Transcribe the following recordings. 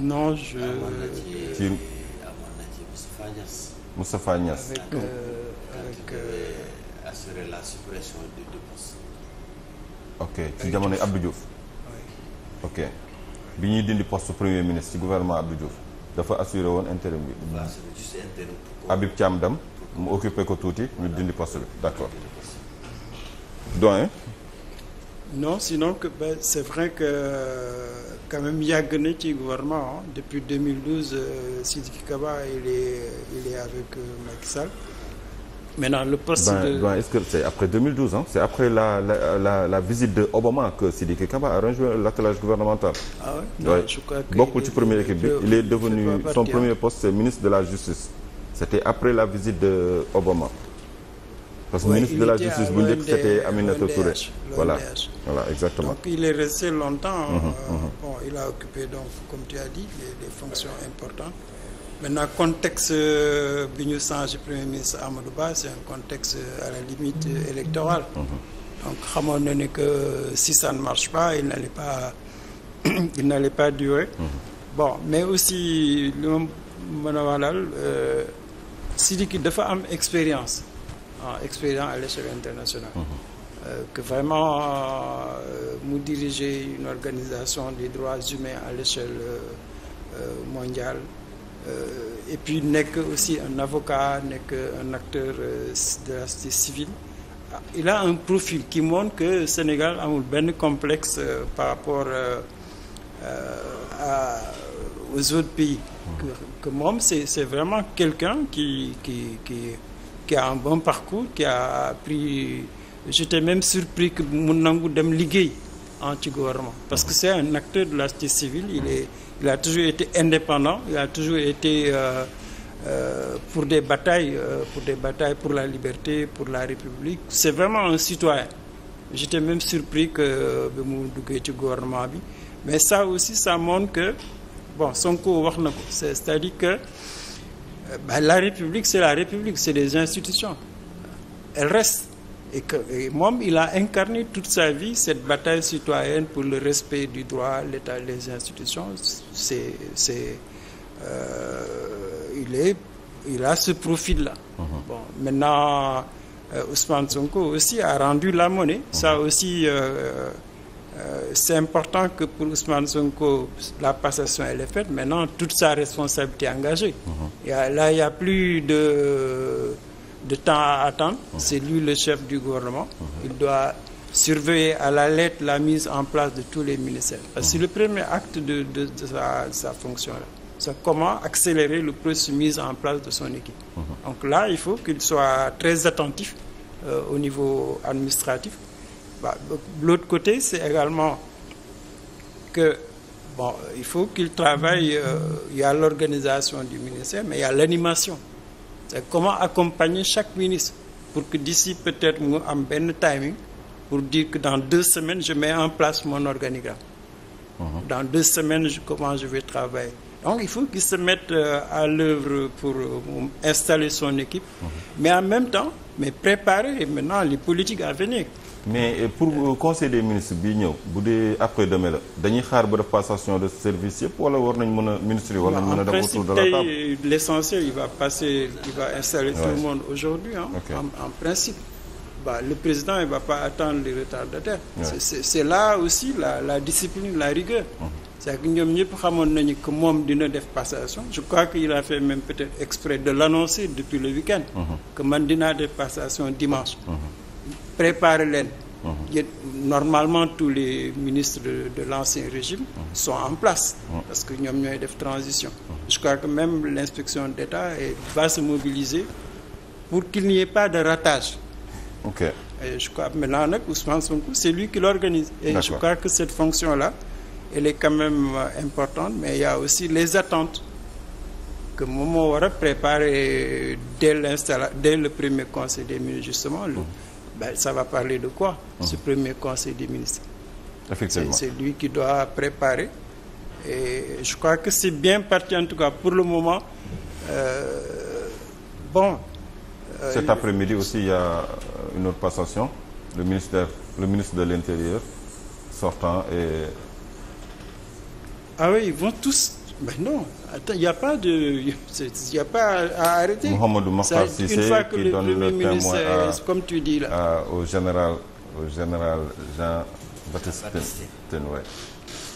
Non, je. Qui euh, Moustapha euh, euh, ok ci jamono yi Abdou ok bi ñuy dindi poste premier ministre ci gouvernement Abdou Diouf dafa assuré woon intérim bi. Habib Thiam dem mu occupé ko tuuti ñu dindi post bi d' accord non sinon que ben, c'est vrai que quand même yàgg na ci gouvernement hein. depuis 2012 euh, Sidiki Kaba il est il est avec euh, Macky Sall. maintenant le poste ben, de ben, est-ce que c'est après 2012 hein c'est après la la la la visite de Obama que Sidiki Kaba a rejoint l'attelage gouvernemental. ah ouais? non ouais. je crois que bokkul ci première équipe bi il est devenu son premier poste c'est ministre de la justice. c'était après la visite de Obama. parce que oui, ministre de la justice bu njëkk c'était Aminata Touré voilà voilà exactement donc il est resté longtemps mhm, euh, mhm. il a occupé donc comme tu as dit des, des fonctions importantes maintenant contexte euh, bi ñu changé premier ministre Amadou Ba c'est un contexte euh, à la limite électorale mhm. donc xamoon na ne que si marche pas il n'allait pas il mais aussi li ma mën a wax daal dafa am expérience en euh, expérience à l'échelle internationale. Mm -hmm. euh, que vraiment euh, mu diriger une organisation des droits humains à l'échelle euh, euh, mondiale et puis nekk aussi un avocat nekk un acteur de la société civile. il a un profil qui montre que Sénégal amul benn complexe par rapport à aux autres pays. Mhm. que que moom c'est c'est vraiment quelqu'un qui qui qui. qui a un bon parcours qui a pris j'étais même surpris que mu nangu dem liggéey en ci gouvernement parce que c'est un acteur de la société civile il est il a toujours été indépendant il a toujours été euh, euh, pour des batailles euh, pour des batailles pour la liberté pour la République c'est vraiment un citoyen j'étais même surpris que euh, ba mu duggee ci gouvernement bi mais ça aussi ça montre que bon Sonko wax na ko c'est-à-dire que ben, la République, c'est la République, c'est les institutions. Elle reste. Et, que, et Mom, il a incarné toute sa vie cette bataille citoyenne pour le respect du droit, l'État, les institutions. C'est, c'est, euh, il, est, il a ce profil-là. Uh -huh. bon, maintenant, euh, Ousmane Sonko aussi a rendu la monnaie. Uh -huh. Ça uh-huh. aussi. Euh, Euh, c'est important que pour Ousmane Sonko, la passation elle est faite. Maintenant, toute sa responsabilité est engagée. Mm -hmm. y a, là, il n'y a plus de, de temps à attendre. Mm -hmm. C'est lui le chef du gouvernement. Mm -hmm. Il doit surveiller à la lettre la mise en place de tous les ministères. Mhm. C'est le premier acte de, de, de sa, sa fonction-là. C'est comment accélérer le processus mise en place de son équipe. Mhm. Donc là, il faut qu'il soit très attentif euh, au niveau administratif Bah, l'autre côté, c'est également que, bon, il faut qu'il travaille, euh, il y a l'organisation du ministère, mais il y a l'animation. C'est comment accompagner chaque ministre pour que d'ici peut-être mu am benn timing pour dire que dans deux semaines je mets en place mon organigramme. Uh -huh. Dans deux semaines je, comment je vais travailler. Donc il faut qu'il se mette euh, à l'œuvre pour, pour euh, installer son équipe, uh -huh. mais en même temps, mais préparer maintenant les politiques à venir. mais euh, pour euh, conseil des ministre bi ñëw bu dee après demain la dañuy xaar ba def passation de service yëpp wala war nañ mën a ministre yi war nañ mën a dem autour de la table l' essentiel il va passer il va installer tout le monde aujourd'hui en principe bah le président il va pas attendre les retardataires c'est c'est là aussi la la discipline la rigueur mmh. cest que ñoom ñëpp xamoon nañu que moom dina def passation je que il a fait même peut-être exprès de l'annoncer depuis le week-end mmh. que man dinaa def passation dimanche mmh. préparer leen. Mhm. normalement tous les ministres de, de l'ancien régime mhm. sont en place mhm. parce que ñoom ñooy def transition je crois que même l'inspection d'État va se mobiliser pour qu'il n'y ait pas de ratage et je crois maintenant nag Ousmane Sonko c'est lui qui l'organise et que cette fonction là elle est quand même euh, importante mais il y a aussi les attentes que moom moo war a préparer dès l'installa dès le premier conseil des ministres justement le, ben, ça va parler de quoi mmh. Ce premier conseil des ministres. Effectivement. C'est lui qui doit préparer. Et je crois que c'est bien parti, en tout cas, pour le moment. Euh, bon. Euh, Cet après-midi aussi, il y a une autre passation. Le, le ministre de l'Intérieur sortant et. Ah oui, ils vont tous mais non attends il y a pas de il a à arrêter. Mouhamadou Makhtar Cissé une que le premier ministre comme tu dis là. au général général Jean-Baptiste Tine ouais.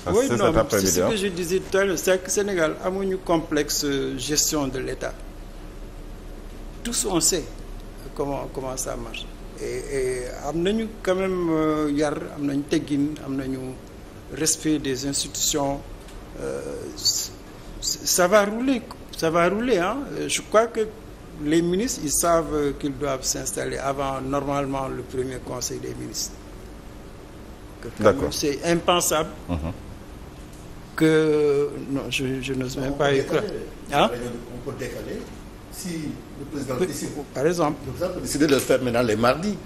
parce oui, que non, c'est ce que je disais tout à l'heure c'est que Sénégal amuñu complexe euh, gestion de l'État tous on sait comment ça marche et am nañu quand même euh, yar am nañu teggin am nañu respect des institutions. Euh, ça va va rouler. Euh, je crois que les ministres, ils savent qu'ils doivent s'installer avant normalement le premier conseil des ministres. C'est impensable uh mhm. -huh. que... Non, je, je pas y si le Par exemple. Le président peut le faire les mardis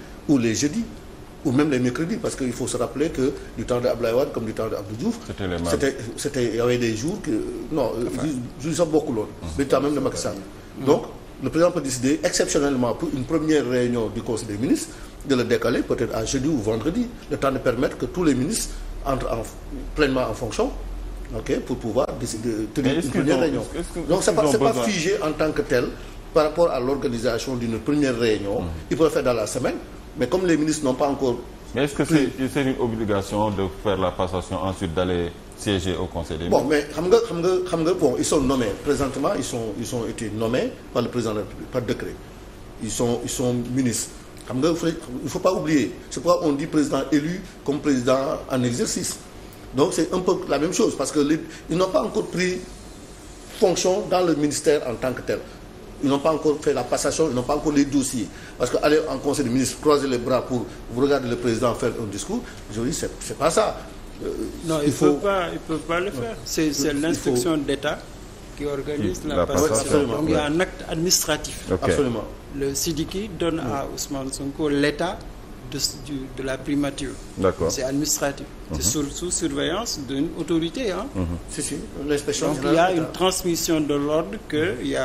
ou même les mercredis parce que faut se rappeler que du temps de Abdoulaye Wade comme du temps de Abdou Diouf c'était c'était y avait des jours que non jours sax bokkuloon du temps même de Macky mmh. donc le président peut décider exceptionnellement pour une première réunion du conseil des ministres de le décaler peut-être à jeudi ou vendredi le temps de permettre que tous les ministres entrent en, pleinement en fonction ok pour pouvoir décider euh, que, donc que tel par rapport mmh. la semaine mais comme les ministres n'ont pas encore. mais est-ce que c'est c'est une obligation de faire la passation ensuite d'aller siéger au conseil des. bon mais xam nga xam nga xam nga bon ils sont nommés présentement ils sont ils ont été nommés par le président de la République par décret ils sont ministres xam nga il faut pas oublier c'est pourquoi on dit président élu comme président en exercice donc c'est un peu la même chose parce que les, ils n'ont pas encore pris fonction dans le ministère en tant que ils n'ont pas encore fait la passation, ils n'ont pas encore les dossiers. Parce qu'aller en conseil des ministres, croiser les bras pour vous regarder le président faire un discours, je dis, c'est pas ça. Euh, il ils ne pas le faire. C'est l'instruction d'État qui organise la, passation. Donc il y a un acte administratif. Le Sidiki donne à Ousmane Sonko l'État de, de, la primature. C'est administratif. Mm -hmm. C'est mhm. surveillance d'une autorité. Hein. Mhm. une transmission de l'ordre qu'il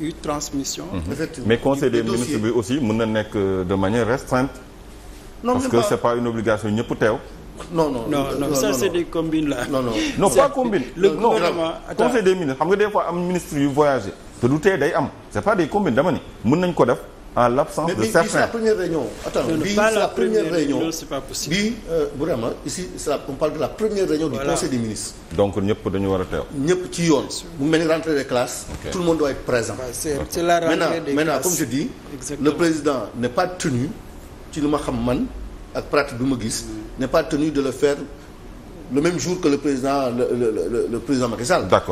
eu transmission. Mhm. effectivement mais conseil des ministres bi aussi mën na nekk de manière restreinte. non parce que c'est pas une obligation ñëpp teew. non non non non ça c'est des combines là. non non non pas combine. le gouvernement conseil des ministres xam nga des fois am ministre yu voyagé. te du tee day am c'est pas des combines dama ni mën nañ ko def. en l'absence de certains. Mais c'est la première réunion. Attends, c'est la, première réunion. C'est pas possible. Bii euh, vraiment ici on parle de la première réunion voilà. conseil des ministres. Donc ñëpp dañu war a teew. ñëpp ci yoon. bu mel ni rentrée des classes. Okay. Tout le monde doit présent. Bah, c'est c'est la rentrée maintenant, des le président n'est pas tenu ci li ma xam man ak pratique bi ma gis mm. n'est pas tenu de le faire le même jour que le président le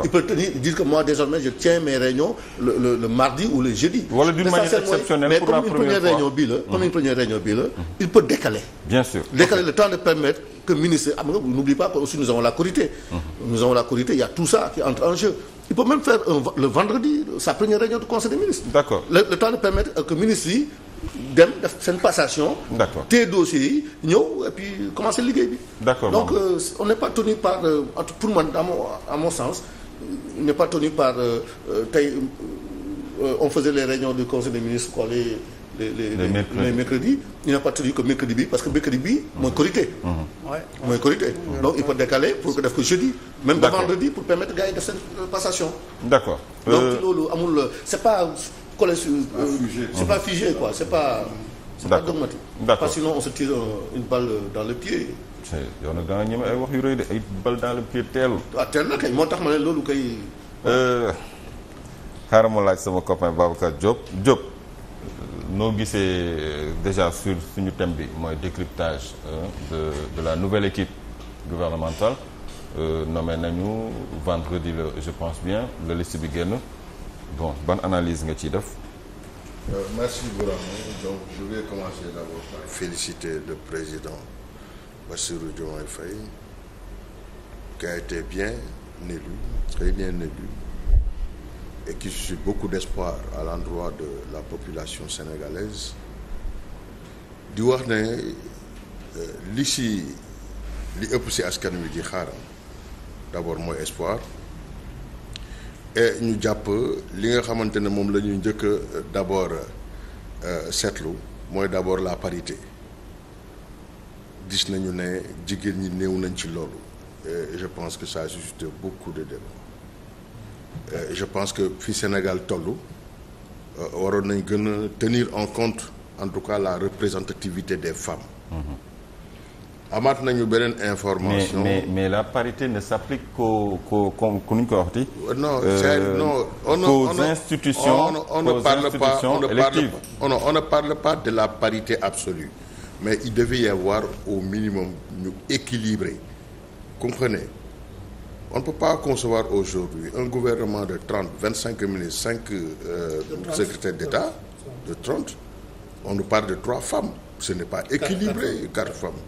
Il peut dire que désormais je tiens mes réunions le mardi ou le jeudi. mais la comme une mmh. première réunion bii il peut décaler. le temps de permettre que ministre ah, n'oublie pas que aussi nous avons la Corité. Mmh. nous avons la Corité il y a tout ça qui entre en jeu. il peut même faire le vendredi sa première réunion du conseil des ministres. d'accord le, temps de permettre que ministre yi. dem def seen passation. d'accord te dossiers yi ñëw et commencer liggéey bi. d'accord donc euh, on n'est pas tenu par euh, pour man à mon à mon sens on n'est pas tenu par euh, euh, tey on faisait les réunions du conseil des ministres quoi les. les les les pas tenu que mercredi bi parce que mercredi bi. mooy korité. Mhm. Mhm. mooy korité donc il peut décaler pour que def ko jeudi. même ba vendredi pour permettre gars def seen passation. d'accord donc loolu amul c'est pas. collège sur. Euh, c'est pas figé quoi c'est pas. c'est pas dogmatique. parce que sinon on se tire euh, une balle euh, dans le pied. yow nag ñeme ay wax yu rëy de ay balle dans le pied teel waaw ah, teel na kay moo tax ma ne loolu kay. xaaral ma laaj sama copain Babacar Diop Diop noo gisee déjà sur suñu thème bi mooy décryptage de de la nouvelle équipe gouvernementale nommé nañu vendredi je pense bien la liste bi génn. bon ban analyse nga ciy def. Euh, merci Bourama donc je vais commencer d'abord par féliciter le président Bassirou Diomaye Faye qui a été bien élu très bien élu et qui suscite beaucoup d'espoir à l'endroit de la population sénégalaise di wax ne euh, li si li ëpp si askan wi di xaaram d'abord mooy espoir. ñu jàpp li nga xamante ne moom la ñuy njëkk euh, d' abord euh, seetlu mooy d' abord la parité gis nañu ne jigéen ñi néew nañ ci loolu et je pense que ça a suscité beaucoup de débats euh, je pense que fi Sénégal toll waroon nañ gën a tenir en compte en tout cas la représentativité des femmes. Mm-hmm. amaat nañu beneen information. la parité ne s'applique qu'aux qu'aux qu'on ñu ko waxti. Euh, non c'est euh, non on ne on ne on parle pas de la parité absolue mais il devait y avoir au minimum ñu équilibré comprenez on ne peut pas concevoir aujourd'hui un gouvernement de trente vingt cinq ministres cinq euh, secrétaires d'État de trente on nous parle de trois femmes ce n'est pas équilibré quatre femmes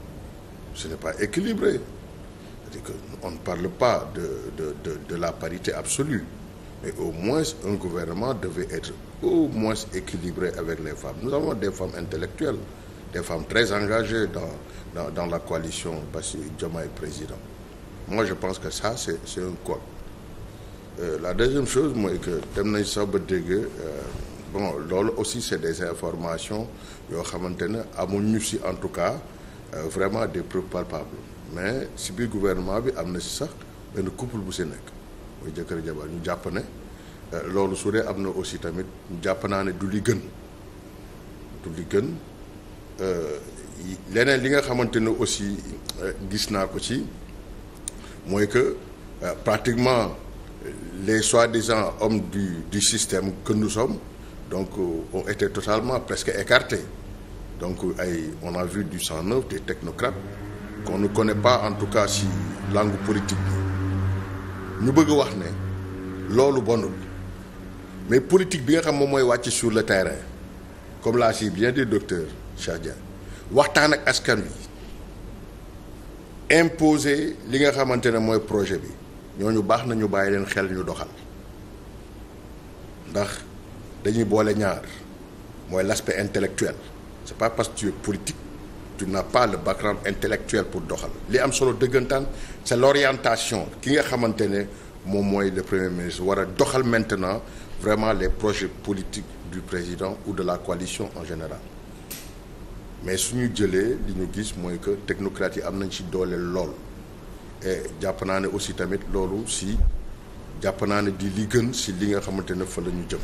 ce n'est pas équilibré. on ne parle pas de, de, de, de, la parité absolue, mais au moins un gouvernement devait être au moins équilibré avec les femmes. Nous avons des femmes intellectuelles, des femmes très engagées dans, dans, la coalition Bassi Djama est président. Moi, je pense que ça, c'est un quoi. Euh, la deuxième chose, moi, est que Temnaïsa Bedegue, bon, aussi, c'est des informations, en tout cas, Euh, vraiment des preuves palpables mais si biir gouvernement bi am na si sax benn couple bu si nekk mooy jëkkër jabar ñu jàpp ne euh, loolu su dee am na aussi tamit ñu jàpp naa ne du li gën du li gën euh, leneen li nga xamante ne aussi gis naa ko ci mooy que pratiquement les soi-disant hommes du du système que nous donc ont été totalement presque écartés donc ay on a vu du sang neuf des technocrates qu'on ne connaît pas en tout cas ci langue politique bi ñu bëgg wax ne loolu bonul mais politique bi nga xam moom mooy wàcc sur le terrain comme l'a si bien dit docteur Cheikh waxtaan ak askan wi imposer li nga xamante ne mooy projet bi ñoo ñu baax na ñu bàyyi leen xel ñu doxal ndax dañuy boole ñaar mooy l'aspect intellectuel c'est pas parce que tu es politique tu le background intellectuel pour doxal li am solo dëggantaan c'est l'orientation ki nga xamante ne moom mooy le premier ministre war a doxal maintenant vraiment les projets politiques du président ou de la coalition en général mais suñu jëlee li ñu gis mooy que technocrates yi am nañ ci dooleel lool et jàpp naa ne aussi tamit loolu si jàpp naa ne di li gën si li nga xamante ne fa la jëm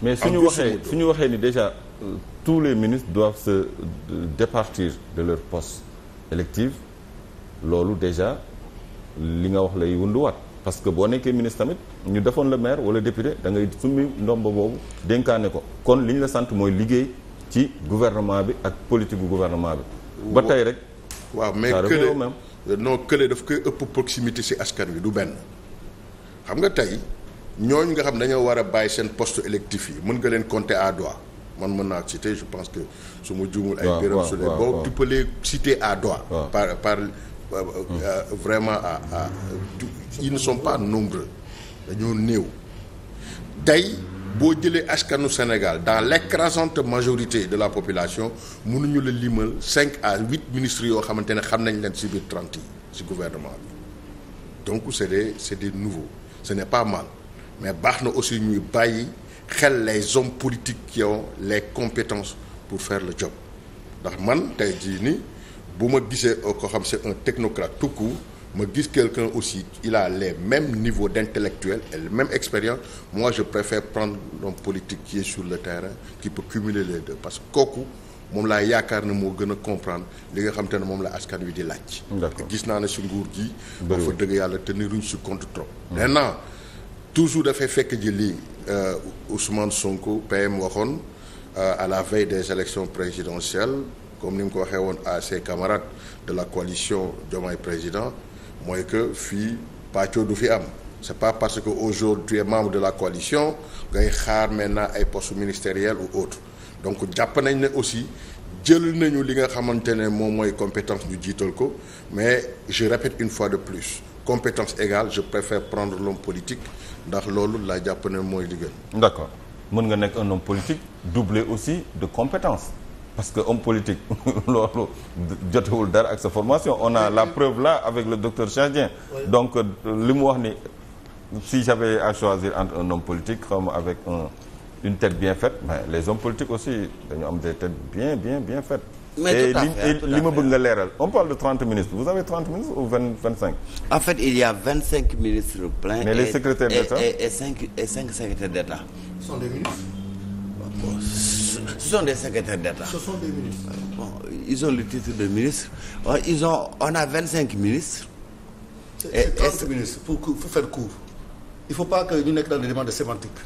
mais suñu waxee suñu waxee ni déjà tous les ministres doivent se euh, départir de leur poste électif loolu déjà li nga wax lay wunduwaat parce que boo nekkee ministre tamit ñu defoon le maire wala député da ngay summi ndomba boobu dénkaane ko kon li ñu la sant mooy liggéey ci gouvernement bi ak politique bu gouvernement bi ba tey rek waaw mais kële même euh, non kële daf koy ëpp proximité si askan wi du benn xam nga tey ñooñu nga xam dañoo war a bàyyi seen poste électif yi mën nga leen compter à doigt man mën naa citer je pense que su ma juumul ay Birame Souleye boobu tu peux les à doigt par par euh, hmm. euh, vraiment à à ils ne sont pas nombreux dañoo néew tey boo jëlee askanu Sénégal dans l'écrasante majorité de la population mënuñu la limal cinq à huit ministres yoo xamante ne xam nañ leen ci biir trente yi ci gouvernement bi donc c'est des c'est des nouveaux ce n'est pas mal mais baax na aussi ñuy bàyyi xel les hommes politiques qui les compétences pour faire la job ndax man tey jii ni bu ma gisee ko xam c'est un technocrate tout ma gis quelqu'un aussi il les même niveau d'intellectuel et même mêmes expériences moi je préfère prendre l'homme politique qui est le terrain qui peut cumuler les deux parce que kooku moom laa yaakaar ne moo gën a comprendre li nga xam te ne moom la askan wi di laaj. gis naa ne si nguur gi. ba fa dëgg yàlla teniruñ si compte trop. toujours dafay fekk ji lii euh, Ousmane Sonko PM waxoon euh, à la veille des élections présidentielles comme ni mu ko waxee woon à ses camarades de la coalition Diomaye Président mooy que fii pàccoo du fi am c'est pas parce que aujourd'hui tu membre de la coalition ngay xaar maintenant ay postes ministériels ou autres donc jàpp nañ ne aussi jël nañu li nga xamante ne moom mooy compétence ñu jiital ko mais je répète une fois de plus compétence égale je préfère prendre l'homme ndax loolu laa jàpp ne mooy li gën. d'accord nga nekk un homme politique doublé aussi de compétence parce que homme politique loolu jotewul dara ak sa formation on a la preuve la avec le docteur Chadien donc euh, li mu wax ni si j'avais à choisir entre un homme politique comme avec un une tête bien fait mais les hommes politiques aussi dañu am des têtes bien bien bien faites mais tout li ma bëgg nga leeral on parle de trente ministres vous avez trente ministres ou vingt vingt cinq. en fait il y a vingt cinq ministres pleins. mais les d'État et et cinq cinq secrétaires d'État. ce des ministres. Bon, ce sont des secrétaires d'État. bon ils ont le de ministre ils on a vingt cinq ministres. et trente pour pour faire court. il faut nekk dans de sémantique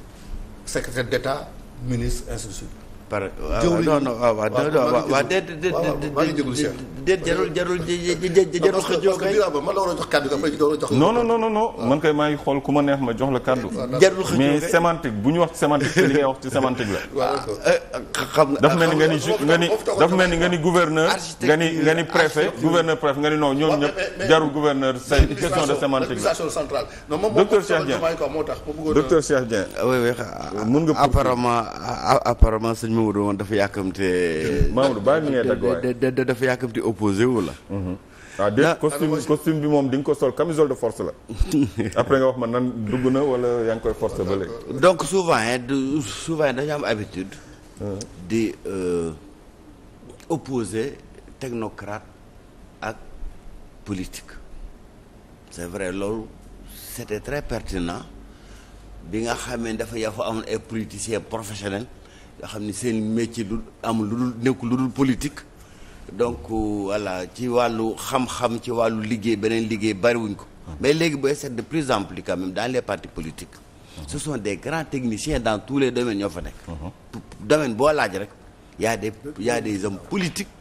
secrétaire d'État ministre ainsi de suite. par non non waaw waaw waaw déet déet déet jarul jarul jarul xëccoo kay non non non xool ku ma neex ma jox la kàddu jarul xëccoo bu ñu wax ci sémantique li ngay wax ci sémantique la xam nga dafa mel ni nga ni nga ni dafa mel ni nga ni gouverneur nga ni nga ni gouverneur préfet nga ni non ñoom ñëpp jarul gouverneur c'est question de sémantique la docteur Cheikh Dieng docteur Cheikh Dieng oui oui apparemment Mamadou moom dafa yàkkamte. Eh, Mamadou bàyyi ñu ngi dagg waay dafa yàkkamte opposé la. Mm-hmm. ah déet costume costume bi moom di nga ko sol camisole de force la. après nga wax ma nan dugg na wala yaa ngi koy force ba léegi. donc souvent du souvent dañu mm-hmm. euh, dafa yaa fa amoon ay politiciens professionnels. yoo xam ni seen métier du am lu dul nekk lu dul politique donc euh, voilà ci wàllu xam-xam ci wàllu liggéey beneen liggéey bariwuñ ko mais léegi booy seet de plus en plus quand même dans les partis politiques ce sont des grands techniciens dans tous les domaines ñoo fa nekk domaine boo laaj rek y a des y a des hommes politiques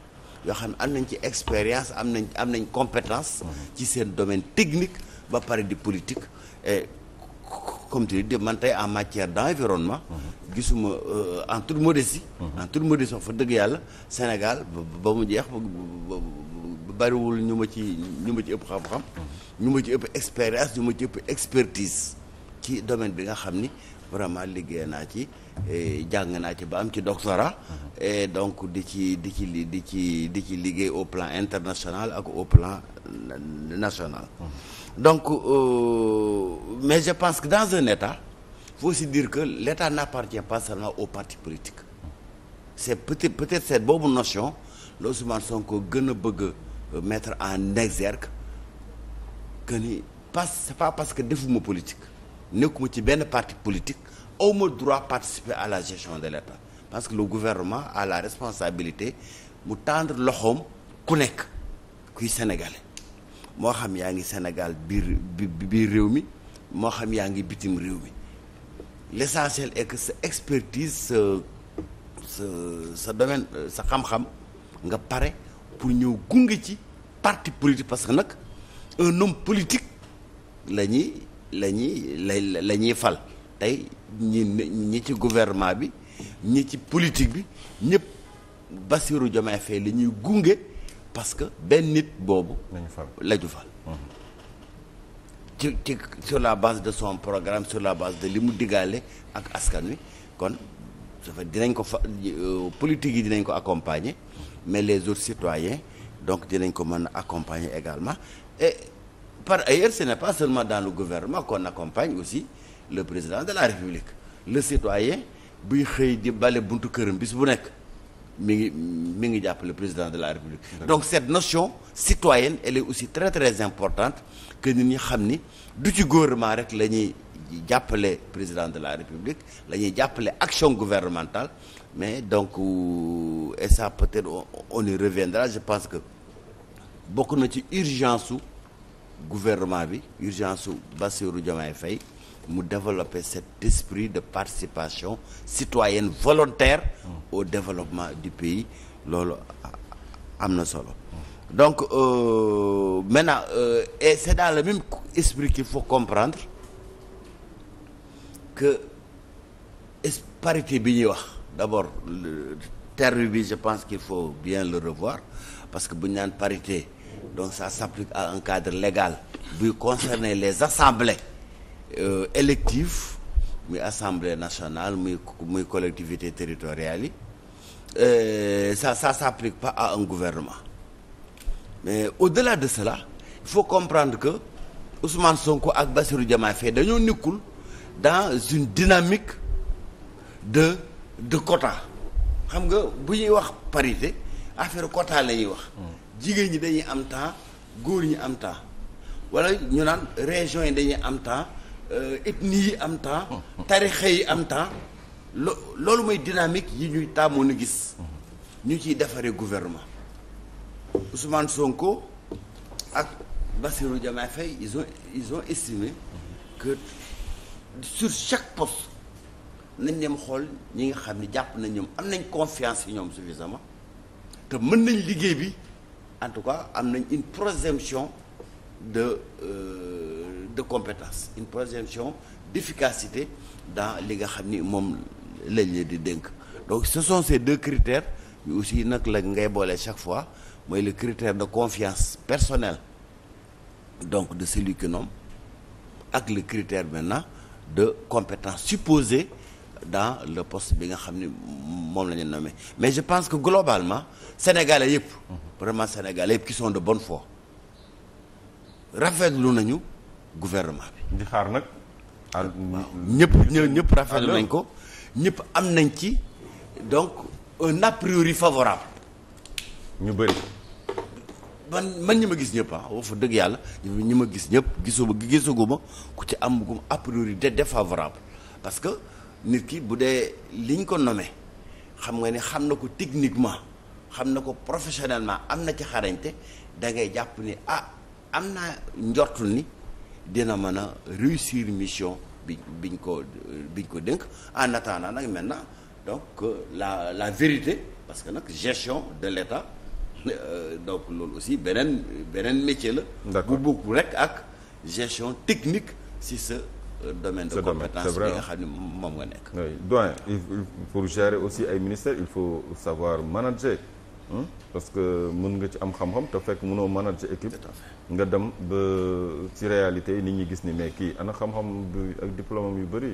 yoo xam ne am nañ ci expérience am nañ am nañ compétence ci seen domaine technique ba pare di politique comme tu dis man tey en matière d' environnement. gisuma euh, en toute modestie. Mhm. en toute modestie wax fa dëgg yàlla Sénégal ba mu jeex bariwul ñu ma ci ñu ma ci ëpp xam-xam. Mhm. ñu ma ci ëpp expérience ñu ma ci expertise. ci domaine bi nga xam ni vraiment liggéey naa ci jàng naa ci ba am ci doctorat. e donc di ci di ci di ci di ci liggéey au plan international ak au plan national. donc euh, mais je pense que dans un état il faut aussi dire que l'état n'appartient pas seulement au parti politiques c'est peut-être peut-être cette boobu notion la Ousmane Sonko gën a bëgg a euh, mettre en exergue que ni pas c'est pas parce que defuma politique nekkuma ci benn parti politique awma droit participer à la gestion de l'état parce que le gouvernement a la responsabilité mu tendre loxoom ku nekk kuy sénégalais moo xam yaa ngi Sénégal biir biir réew mi moo xam yaa ngi bitim réew mi l'essentiel est que sa expertise sa sa sa domaine sa xam-xam nga pare pour ñëw gunge ci parti politique parce que nag un homme politique la ñuy la ñuy la la ñuy fal tey ñi ñi ci gouvernement bi ñi ci politique bi ñëpp Bassirou Diomaye Faye la ñuy gunge parce que benn nit boobu. la ñu fal mhm. ci ci sur la base de son programme sur la base de li mu diggaale ak askan wi kon su fekkee dinañ ko fa euh, politique yi dinañ ko accompagner mais les autres citoyens donc dinañ ko mën a accompagner également et par ailleurs ce n'est pas seulement dans le gouvernement qu'on accompagne aussi le président de la République le citoyen buy xëy di bale buntu këram bis bu nekk. mi ngi mi ngi jàppale président de la république donc cette notion citoyenne elle est aussi très très importante que nit ñi xam ni du ci gouvernement rek la ñuy jàppale président de la république la ñuy jàppale action gouvernementale mais donc euh, et ça peut-être on y reviendra je pense que bokk na ci urgence su gouvernement bi urgence su Bassirou Diomaye Faye mu développer cet esprit de participation citoyenne volontaire au développement du pays loolu am na solo donc euh, maintenant euh, et c'est dans le même esprit qu'il faut comprendre que parité bi ñuy wax d'abord terme bi je pense qu'il faut bien le revoir parce que bu ñu naan parité donc ça s'applique à un cadre légal buy concerner les assemblées Euh, électif muy assemblée nationale muy muy collectivité territoriale yi euh, ça ça s'applique pas à un gouvernement mais au-delà de cela il faut comprendre que Ousmane Sonko ak Bassirou Diomaye Faye dañoo nekkul dans une dynamique de de quota xam nga bu ñuy wax parité affaire quota la ñuy wax. jigéen ñi dañuy am temps góor ñi am temps wala ñu naan région yi dañuy am temps. Euh, ethnie yi am temps tarixa yi am temps lo loolu mooy dynamique yi ñuy tàmmoon a gis ñu ciy defaree gouvernement Ousmane Sonko ak Bassirou Diomaye Faye ils ont ils ont estimé que sur chaque poste nañ dem xool ñi nga xam ni jàpp nañ ñoom am nañ confiance yi ñoom suffisamment te mën nañ liggéey bi en tout cas am nañ une présomption de euh, de compétence une projection d'efficacité dans li nga xam ni moom lañ leen di dénk donc ce sont ces deux critère mais aussi nag la ngay boole chaque fois mooy le critère de confiance personnelle donc de celui que nomme ak le critère maintenant de compétence supposée dans le poste bi nga xam ni moom la ñu nommé mais je pense que globalement sénégalais yëpp vraiment sénégalais yëpp qui sont de bone foi rafetlu nañu gouvernement bi. di xaar nag. waaw ah, ñëpp ñëpp rafetlu nañ ko ñëpp am nañ ci donc un a favorable. ñu bëri. man man ñi ma gis ñëpp ah wax fa dëgg yàlla ñu ma gis ñëpp gisuma gisaguma ku ci am a priori de favorable parce que nit ki bu dee liñ ko nommé xam nga ni xam na ko techniquement xam na ko professionnellement am na ci xarañte da jàpp ni ah. am naa njortul ni dina mën a réussir mission bi biñ ko biñ ko dénk en attendant nag maintenant donc euh, la la vérité parce que nag gestion de l'État euh, donc loolu aussi beneen beneen métier la bu bokk rek ak gestion technique si sa euh, domaine de compétence bi xam ne moom nga nekk doyen pour gérer aussi ay ministères il faut savoir manager parce que mën nga ci am xam-xam te fekk mënoo manager équipe nga dem ba ci réalité yi nit ñi gis ni mais kii ana xam-xam bi ak diplôme yu bëri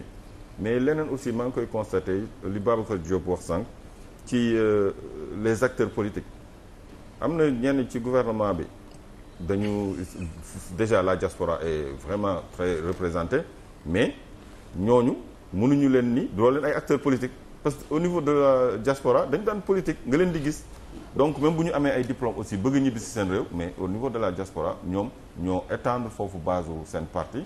mais leneen aussi maa ngi koy constaté li Babacar Diop wax sànq ci euh, les acteurs politiques am na ñenn ci gouvernement bi dañu déjà la diaspora est vraiment très représentée mais ñooñu mënuñu leen ni doo leen ay acteurs politiques parce que au niveau de la diaspora dañ daan politique nga leen di gis donc même bu ñu amee ay diplôme aussi bëgg ñibbi si seen réew mais au niveau de la diaspora ñoom ñoo étendre foofu base seen parti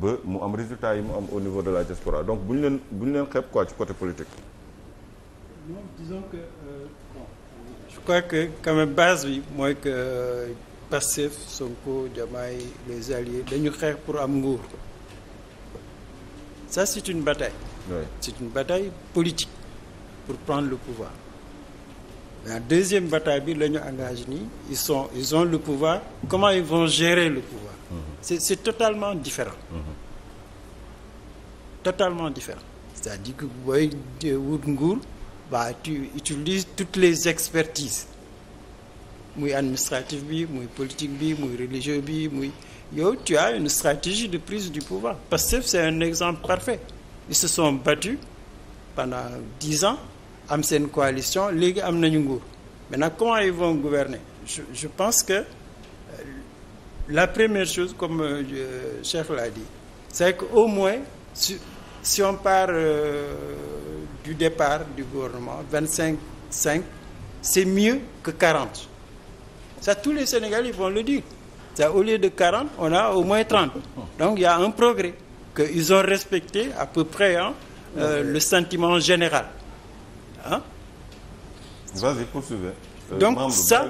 ba mu am résultat yi mu am au niveau de la diaspora donc bu ñu leen bu ñu leen xeeb quoi ci côté politique. Euh, je crois que quand même base bi mooy que euh, Pastef Sonko Diomaye les alliés dañu xeex pour am nguur ça c'est une bataille. oui c'est une bataille politique pour prendre le pouvoir. la deuxième bataille bi la ñu engagé nii ils sont ont le pouvoir comment ils vont gérer le pouvoir mhm. c'est c'est totalement différent mhm. totalement différent c'est-à-dire que booy wut nguur bah tu utilises toutes les expertises muy administratif bi muy politique bi muy religieux bi muy yow tu as une stratégie de prise du pouvoir parce que c'est un exemple parfait ils se sont battus pendant dix ans am seen coalition léegi am nañu nguur maintenant comment ils vont je pense que euh, la première chose comme euh, Cheikh l'a que au moins on part euh, du départ du gouvernement vingt cinq cinq c'est mieux que quarante ça tous les Sénégalais vont le dire au lieu de quarante on a au moins trente donc il y que ils ont respecté à peu près euh, le sentiment général ah. vas euh, donc ça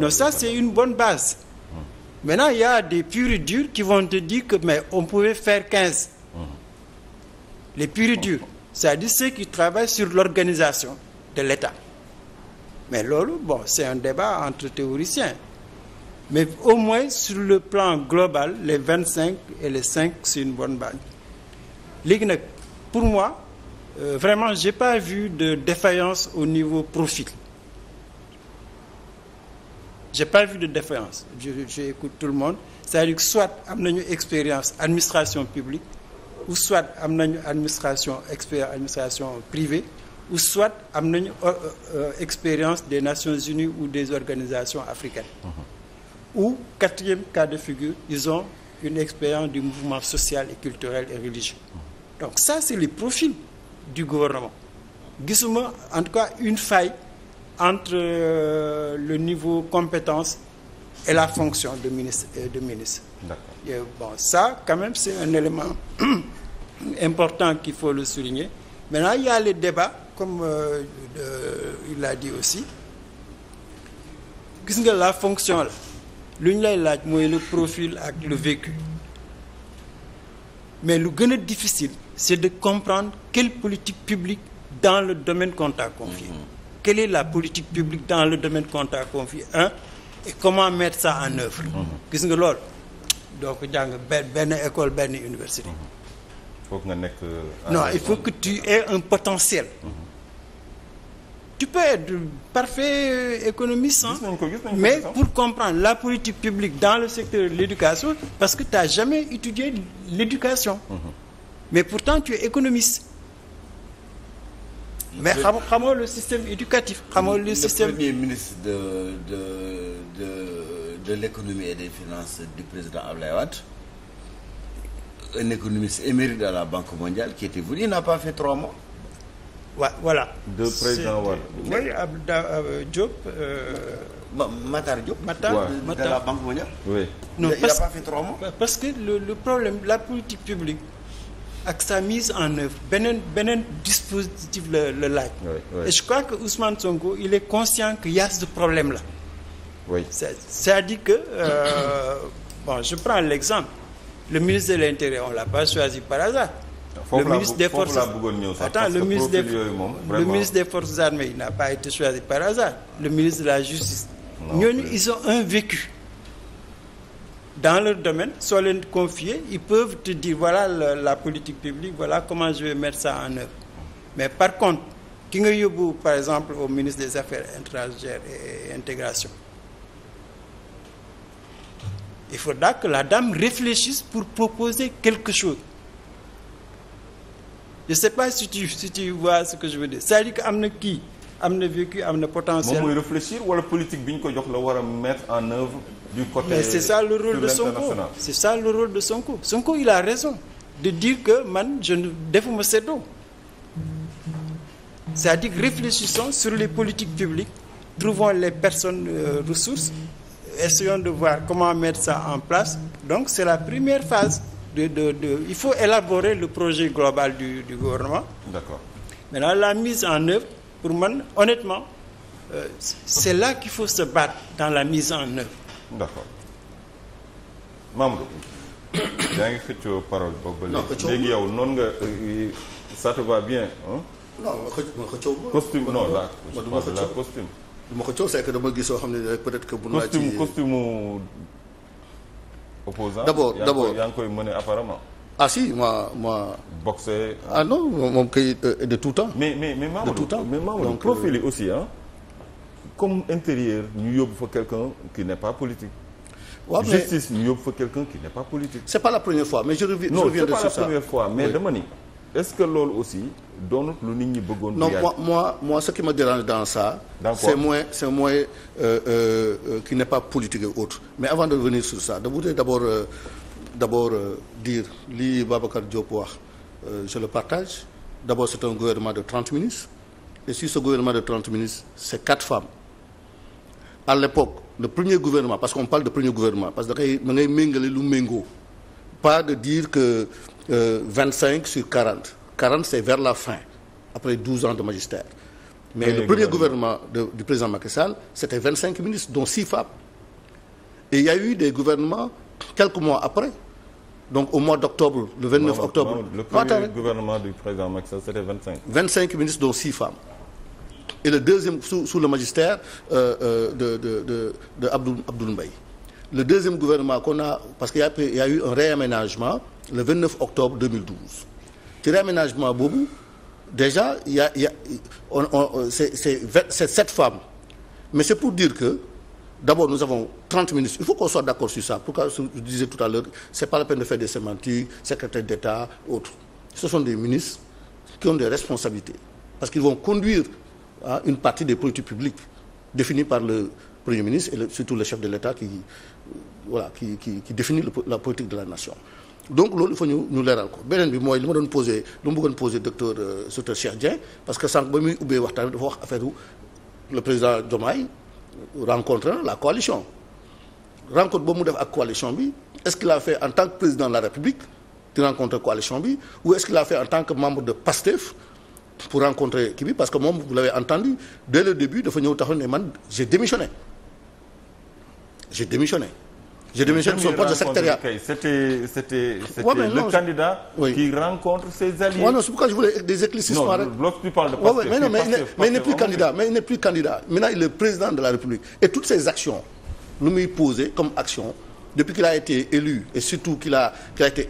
non ça c'est une bonne base. Hum. maintenant il y des purs et durs qui vont te dire que mais on pouvait faire quinze. Hum. les purs et durs c'est-à-dire ceux qui travaillent sur l'organisation de l'État mais loolu bon c'est un débat entre théoriciens mais au moins sur le plan global les vingt cinq et les cinq c'est une bonne base léegi nag pour moi. euh, vraiment, j'ai pas vu de défaillance au niveau profil. J'ai pas vu de défaillance. J'écoute tout le monde. C'est-à-dire que soit am nañu expérience administration publique, ou soit am nañu administration expert administration privée, ou soit am nañu euh, euh, euh, expérience des Nations Unies ou des organisations africaines. Mm -hmm. Ou quatrième cas de figure, ils ont une expérience du mouvement social et culturel et religieux. Mhm. Donc ça, c'est les profils. du gouvernement gisuma en tout cas une faille entre euh, le niveau compétence et la fonction de ministre euh, de ministre et bon ça quand même c'est un élément important qu'il faut le souligner maintenant il y le débat comme euh, de, il l'a dit aussi gis nga la fonction la lu ñu lay laaj mooy le profil ak le vécu mais lu gën a difficile c'est de comprendre quelle politique publique dans le domaine qu'on t'a confié. Mm-hmm. Quelle est la politique publique dans le domaine qu'on t'a confié hein? et comment mettre ça en œuvre. Mm-hmm. gis nga lool donc ko jàng benn benn école benn université. Mm-hmm. foog nga nekk. Euh, non il faut que tu aies un potentiel. tu peux être parfait euh, économiste hein, mais pour comprendre la politique publique dans le secteur de l'éducation parce que tu n'as jamais étudié l'éducation mais pourtant tu es économiste. mais xam xamoo le système éducatif. xamoo le, le système le ministre de de l'économie et des finance du président Abdoulaye Wade un économiste émérite à la Banque mondiale qui était venu il n'a pas fait trois mois. wa voilà. de président Wade. oui Abda euh, Matar Diop. Matar de la Banque mondiale. parce que le le problème la politique publique. ak sa mise en œuvre beneen beneen dispositif le la laaj. et je crois que Ousmane Sonko il est conscient que y a ce problème là. oui c'est-à-dire que euh, bon je prends l'exemple le ministre de l'intérieur on l'a pas choisi par hasard. le ministre des forces attends le ministre des le ministre des forces armées n'a pas été choisi par hasard le ministre de la justice. ils ont un vécu. dans leur domaine soo leen confier ils peuvent te dire voilà la, la politique publique voilà comment je vais mettre ça en œuvre mais par contre ki nga yóbbu par exemple au ministre des affaires étrangères et intégration il faudra que la dame réfléchisse pour proposer quelque chose je sais pas si tu si vois ce que je veux dire c'est-à-dire que am na kii am na vécu am na potentiel. moom réfléchir wala politique bi ñu ko jox la war a mettre en œuvre. du côté mais c'est ça le rôle de son c'est ça le de Sonko il a raison de dire que man je ne defuma seddoo c'est-à-dire réfléchissons sur les politiques publiques trouvons les personnes euh, ressources essayons de voir comment mettre ça en place donc c'est la première phase de, de, de il faut élaborer le projet global du, du gouvernement d'accord maintenant la mise en œuvre pour man honnêtement euh, c'est là qu'il faut se battre dans la mise en œuvre d'accord Mamadou. yaa ngi xëccoo parole boobu ba léegi. léegi yow noonu nga ça te va bien hein? non ma xëccoo ma la la costume. ma xëccoo c'est que dama gis yoo xam ne rek peut-être que. bu naa ci costume costume opposant. d'abord d'abord yaa ngi koy mené apparemment. ah si ma ma. boxé. ah non moom kay euh, de tout temps. mais mais mais Mamadou de euh, aussi ah. comme intérieur ñu yóbbu fa quelqu'un qui n'est pas politique. waaw ouais, mais justice ñu yóbbu fa quelqu'un qui n'est pas politique. c'est pas la première fois mais je reviens. non la première fois mais dama ni. est-ce que loolu aussi doonut lu nit ñi bëggoon. non moi moi moi ce qui me dérange dans ça. c'est moins c'est moins euh, euh, euh qui n'est pas politique et autre mais avant de revenir sur ça je voudrais d'abord euh, euh, dire li Babacar Diop wax je le partage d'abord c'est un gouvernement de 30 ministres et sur ce gouvernement de 30 à l'époque le premier gouvernement parce qu'on parle de premier gouvernement parce que da koy da ngay méngale lu euh, cinq sur quarante quarante c'est vers la fin après douze ans de magistère mais oui, le de, du président vingt cinq ministres dont six a eu des gouvernements quelques mois après donc au mois d'octobre le 29 non, octobre non, le premier et le deuxième sous sous le magistère euh, euh de le deuxième gouvernement qu'on a parce que y a eu un réaménagement le 29 octobre 2012 ci réaménagement boobu déjà y a y a on on c'est c'est c'est sept femmes mais c'est pour dire que d'abord nous avons 30 ministres il faut qu'on soit d'accord sur ça pourquoi je disais tout à l'heure c'est pas la peine de faire des sémantiques secrétaire d'État autres ce sont des ministres qui ont des responsabilités parce qu'ils vont à une partie des politiques publiques définies par le Premier ministre et le, surtout le chef de l'État qui euh, voilà qui qui qui définit le, la politique de la nation. donc loolu il faut ñu ñu leeral ko beneen bi mooy li ma doon posé lu ma bëggoon posé docteur docteur euh, Cheikh parce que sànq ba muy ubbee waxtaan bi dafa wax affaire le président Diomaye euh, rencontre la coalition rencontre boobu mu def ak coalition bi est-ce qu'il a fait en tant que président de la République di bi ou a fait tant que membre de PASTEF pour rencontrer kii bi parce que moom vous l'avez entendu dès le début dafa ñëw taxaw ne man j'ai démissionné j'ai démissionné. j'ai démissionné de son poste de secrétariat. c'était c'était c'était le candidat. oui qui rencontre ses alliés. waaw non c'est pourquoi je voulais des éclaircissements rek. mais non mais il n'est plus candidat mais il il est président de la République et toutes ses actions lu muy poser comme action depuis qu'il a été élu et surtout qu'il a qu'il a été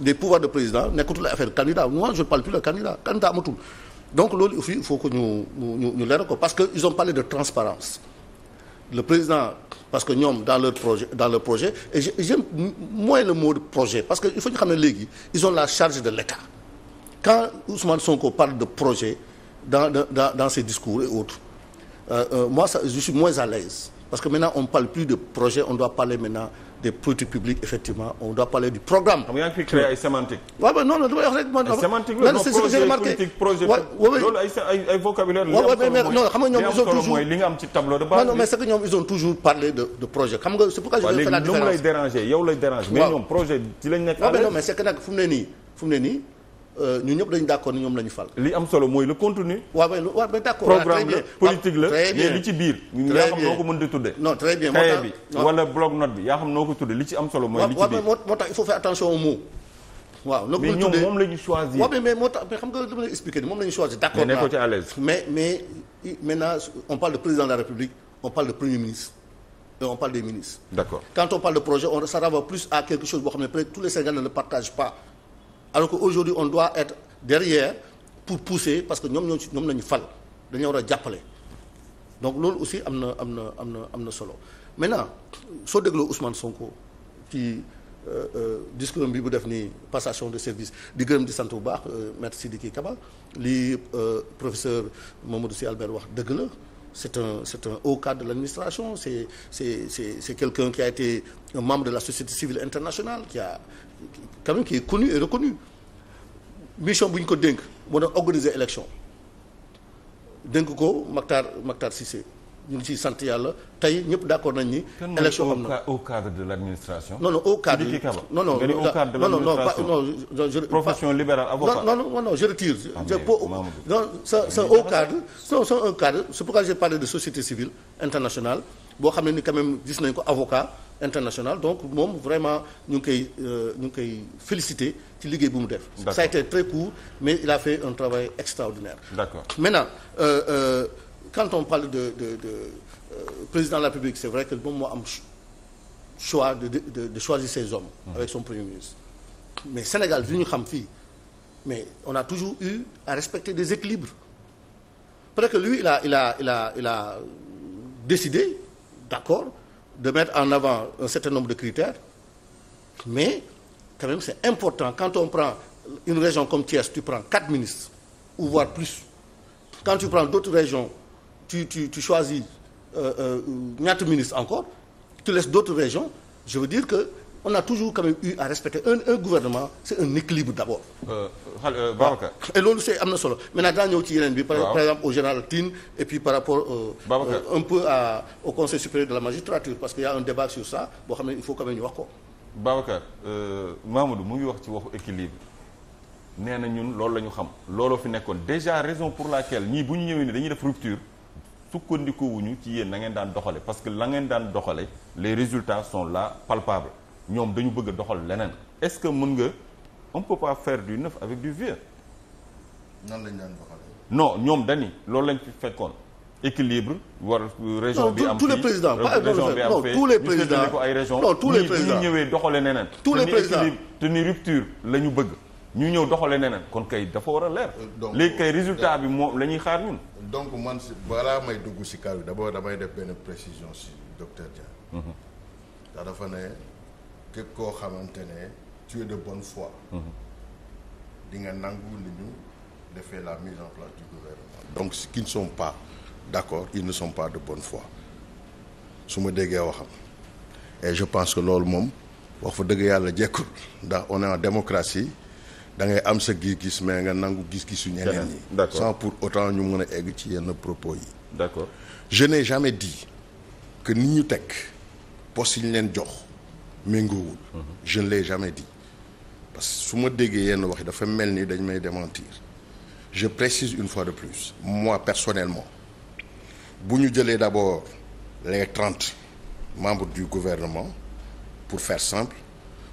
des pouvoirs de président nekkatul affaire candidat moi je ne parle plus de candidat candidat amatul donc loolu aussi il faut que ñu ñu ñu leeral ko parce que ils ont parlé de transparence le président parce que ñoom dans leur projet dans leur projet et j'aime moins le mot de projet parce que il faut ñu xam ne léegi ils ont la charge de l'État quand Ousmane Sonko parle de projet dans dans dans ses discours et autres euh, euh, moi je suis moins à l'aise parce que maintenant on parle plus de projet on doit parler des politiques publiques effectivement on doit parler du programme. xam nga yaa ngi fi créé ay sémantique. waaw mais non non damay wax rek man. ay sémantique la non projet politique projet. loolu ay ay ay vocabulaire. li non xam nga ñoom ils ont toujours li nga am ci tableau de base. non mais c'est que ñoom ils ont toujours parlé de de projet xam nga c'est pourquoi je veux faire la différence. waaw léegi ñoom lay déranger yow lay déranger. mais ñoom projet ci lañ nekk. waaw mais non mais c'est que nag fu mu ne nii fu mu ne nii. Euh, ñu ñëpp dañu d'accord ni ñoom la fal. li am solo mooy le contenu. waaw mais d'accord programme ah, la politique la mais li ci biir. yaa xam noo ko mën di tudde non très bien cahier bi wala bloc note bi yaa xam noo ko tudde li ci am solo mooy. li ci biir moo tax il faut faire attention moom la choisir. d'accord mais mais mais maintenant on parle de président de la République on parle de premier ministre. Et on parle des ministres. D'accord. Quand on parle de projet alors que aujourd'hui on doit être derrière pour pousser parce que ñoom ñoo ci ñoom nañu fal dañu war a jàppale donc loolu aussi am na am na am na am na solo maintenant soo dégloo Ousmane Sonko ci euh, euh, discours bi bu def ni passation de service di gërëm di sant bu baax euh, maître ki Kaba li professeur Mamadou Sy Albert wax dëgg la c'est un c'est un haut cadre de l'administration c'est c'est c'est c'est quelqu'un qui a été membre de la société civile international qui a quand même qui est connu et reconnu mission bu ñu ko dénk moo doon organiser élection dénk ko Maktar Maktar Cissé ñu ngi ci sant yàlla tey ñëpp d'accord nañ ni. élection am na au cadre de l'administration. non non au cadre non non au cadre de l'administration non non non profession libérale avocat non non non je retire. je ah, au cadre non c'est un cadre c'est pourquoi de société civile internationale boo xam ne ni quand même gis nañ ko avocat. international donc moom vraiment ñu ngi koy euh, ñu ngi koy féliciter ci liggéey bu mu def. ça a très court mais il a fait un travail extraordinaire. d'accord maintenant euh, euh, quand on parle de euh, président de la République c'est vrai que moom moo am choix de de de choisir ses hommes. Hmm. avec son premier ministre. mais Sénégal bi ñu xam fii mais on a toujours eu à respecter des équilibres parce que lui il a il a il a il a décidé d'accord de mettre en avant un certain nombre de critères, mais quand même c'est important. Quand on prend une région comme Thiès, tu prends quatre ministres, ou voire plus. Quand tu prends d'autres régions, tu, tu, tu choisis euh, euh, ministres encore, tu laisses d'autres régions. Je veux dire que on a toujours quand même eu à respecter un un gouvernement c'est un équilibre d'abord. xale euh, euh, et loolu c'est am na solo maintenant daa ñëw ci yeneen bi. par exemple au général Tine et puis par rapport. Euh, Babacar un peu à au conseil supérieur de la magistrature parce que y a un débat sur ça boo xam ne il faut quand même ñu wax ko. Babacar Mamadou mu ngi wax ci waxu équilibre nee na ñun loolu la ñu xam looloo fi nekkoon déjà raison pour laquelle ñii bu ñu ñëwee ni dañuy def rupture. sukkandikuwuñu ci yéen na ngeen daan doxale parce que la ngeen daan doxale les résultats sont là palpables ñoom dañu bëgg a doxal leneen est-ce que mën nga on peut pas faire du neuf avec du vieux. nan lañ daan doxalee. non ñoom dañi loolu lañ fi fekkoon équilibre war euh, région bi am fii région bi am fee tous les présidents ñu ko ay région non tous les présidents ñu ñëwee doxalee neneen. tous les présidents te ni rupture la ñu bëgg. ñu ñëw doxalee neneen kon kay dafa war a leer. Euh, donc léegi kay résultat euh, bi moom la ñuy xaar ñun. donc man si balaa may dugg si kaw bi d'abord damay def benn précision si docteur Dia. Mhm. dafa ne. képp koo xamante ne tu de bonne foi. Mhm. di nga nangu li defee la mise en place du gouvernement. donc ceux qui ne sont pas d'accord ils ne sont pas de bonne foi su ma déggee waxam et je pense que loolu moom wax fa dëgg yàlla jekkul ndax on est en démocratie da ngay am sa gis-gis mais nga nangu gis-gisu ñeneen ñi. sans pour autant ñu mën a egg ci yenn propos yi. d'accord je n'ai jamais di que ni ñu teg poste yi ñu leen jox. méngoowul je ne l'ai jamais dit parce que su ma déggee yenn wax dafa mel ni dañ may démentir je précise une fois de plus moi personnellement bu ñu jëlee d'abord les trente membre du gouvernement pour faire simple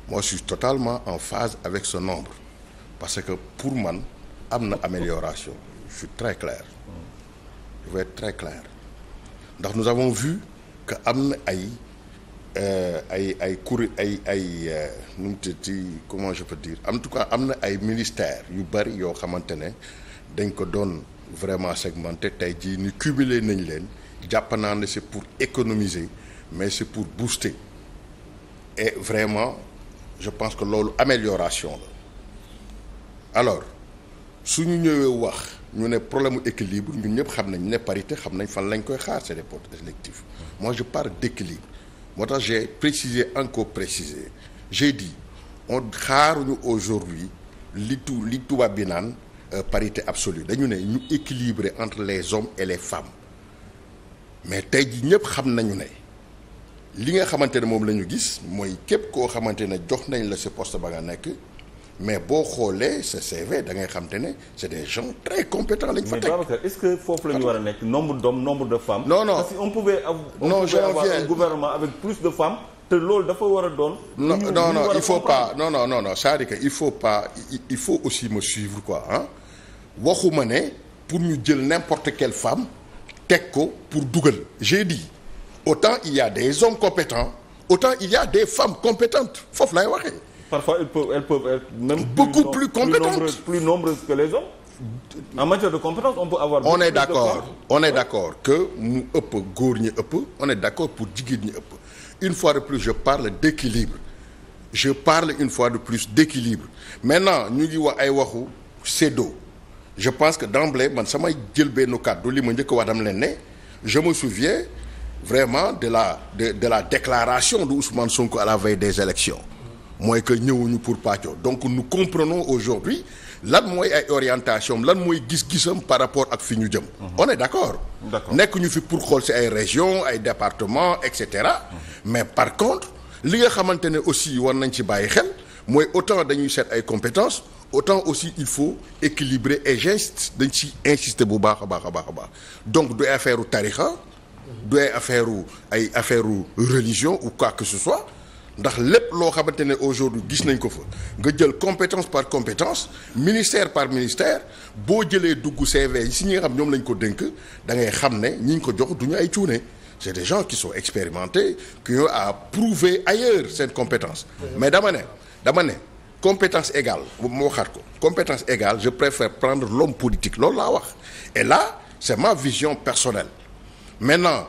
moi je suis totalement en phase avec ce nombre parce que pour man am na amélioration je suis très clair je vais être très clair ndax nous avons vu que am na ay Euh, ay ay kuréel ay ay euh, nu mu ci comment je peux dire en tout cas am na ay ministères yu bari yoo xamante ne dañ ko doon vraiment segmenté tey jii ni cumuler nañ leen jàpp naa ne c'est pour économiser mais c'est pour booster et vraiment je pense que loolu amélioration la alors su ñu ñëwee wax ñu ne problème équilibre ñun ñëpp xam nañ ne parité xam nañ fan lañ koy xaar c'est des postes électifs moi je parle d'équilibre moo tax j'ai précisé encore préciser j'ai dit on xaaruñu aujourd'hui li tu li tubaab bi naan euh, parité absolue dañu ne ñu équilibré entre les hommes et les femmes mais tey ji ñëpp xam nañu ne li nga xamante ne moom la ñu gis mooy képp koo xamante ne jox nañ la sa post ba nga nekk mais boo xoolee sa CV da ngay xam te ne c'est des gens très compétents lañ fa teg. ce que foofu la ñu war a nekk nombre d'hommes nombre de femmes. non non parce que on pouvait. On non pouvait de femmes. te loolu dafa war doon. non non non il faut pas non non non non cest à il faut pas il faut aussi me suivre quoi waxuma ne pour ñu jël n'importe quelle femme teg ko pour dugal j'ai dit autant il y a des hommes compétents autant il y a des femmes compétentes foofu lay waxee. parfois elles peuvent elles peuvent être même beaucoup plus, plus compétentes plus, nombreuses que les hommes en matière de compétence on peut avoir on est d'accord on est d'accord que mu ëpp góor ñi ëpp on est d'accord pour jigéen ñi ëpp une fois de plus je parle d'équilibre je parle une fois de plus d'équilibre maintenant ñu ngi wax ay waxu séddoo je pense que d'emblée man sama jël benn kàddu li ma njëkk wax dama leen ne je me souviens vraiment de la de de la déclaration de Ousmane Sonko à la veille des élections mooy que ñëwuñu pour pàccoo donc nous comprenons aujourd'hui lan mooy ay orientation lan mooy gis-gisam par rapport ak fi ñu jëm. Mhm. on est d'accord. d'accord nekk ñu fi pour xool si ay régions ay départements et cetera. Mhm. mais par contre li nga xamante ne aussi war nañ ci bàyyi xel mooy autant dañuy seet ay compétences autant aussi il faut équilibrer et geste dañ ci insisté bu baax a baax a baax a baax donc du affaire u tarixa du affaire ay affaire religion ou quoi que ce soit. ndax lépp loo xamante ne aujourd'hui gis nañ ko fa nga jël compétence par compétence ministère par ministère boo jëlee dugg CV si ñi nga xam ñoom lañ ko dénk da ngay xam ne ñi ñu ko jox du ñu ay cuune c'est des gens qui sont expérimentés qui ont à prouver ailleurs seen compétence mais dama ne dama ne compétence égale moo waxaat ko compétence égale je préfère prendre l'homme politique loolu laa wax et là c'est ma vision personnelle maintenant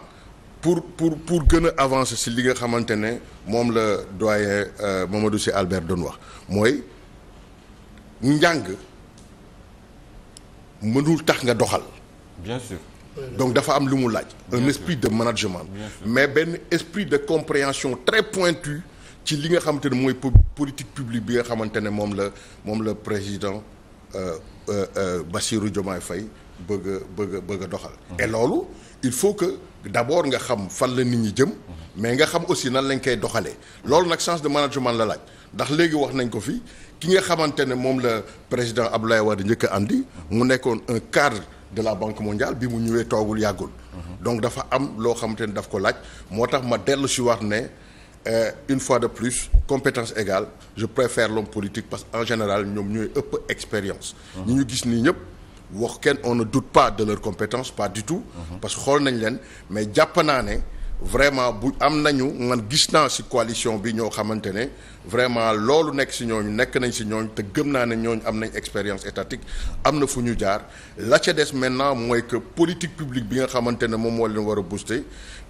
pour pour pour gën a avancer si li nga xamante ne moom la doyen euh, Mamadou si Albert doon wax mooy njàng mënul tax nga doxal. bien sûr. donc dafa am lu mu laaj. un esprit de management. mais benn esprit de compréhension très pointu ci li nga xamante ne mooy politique publique bi nga xamante ne moom la moom la président euh, euh, Bassirou Diomaye Faye bëgg a bëgg a bëgg doxal. Mmh. et loolu il faut que. d'abord nga xam fan la nit ñi jëm mais nga xam aussi nan lañ koy doxalee loolu nag sens de management la laaj ndax léegi wax nañ ko fii ki nga xamante ne moom la président Abdoulaye Wade njëkk a andi mu nekkoon un cadre de la banque mondiale bi mu ñëwee toogul yàggul donc dafa am loo xamante ne daf ko laaj moo tax ma dellu si wax ne euh, une fois de plus compétence égal je préfère l'homme politique parce que en général ñoom ñooy ëpp expérience ñi ñu gis nii ñëpp wax kenn on ne doute pas de leurs compétences pas du tout. Mhm. parce que xool nañ leen mais jàpp naa ne. vraiment bu am nañu man gis naa ci coalition bi ñoo xamante ne vraiment loolu nekk ci ñooñu nekk nañ ci ñooñu te gëm naa ne ñooñu am nañ expérience étatique am na fu ñu jaar la ca des maintenant mooy que politique publique bi nga xamante ne moom moo leen war a booster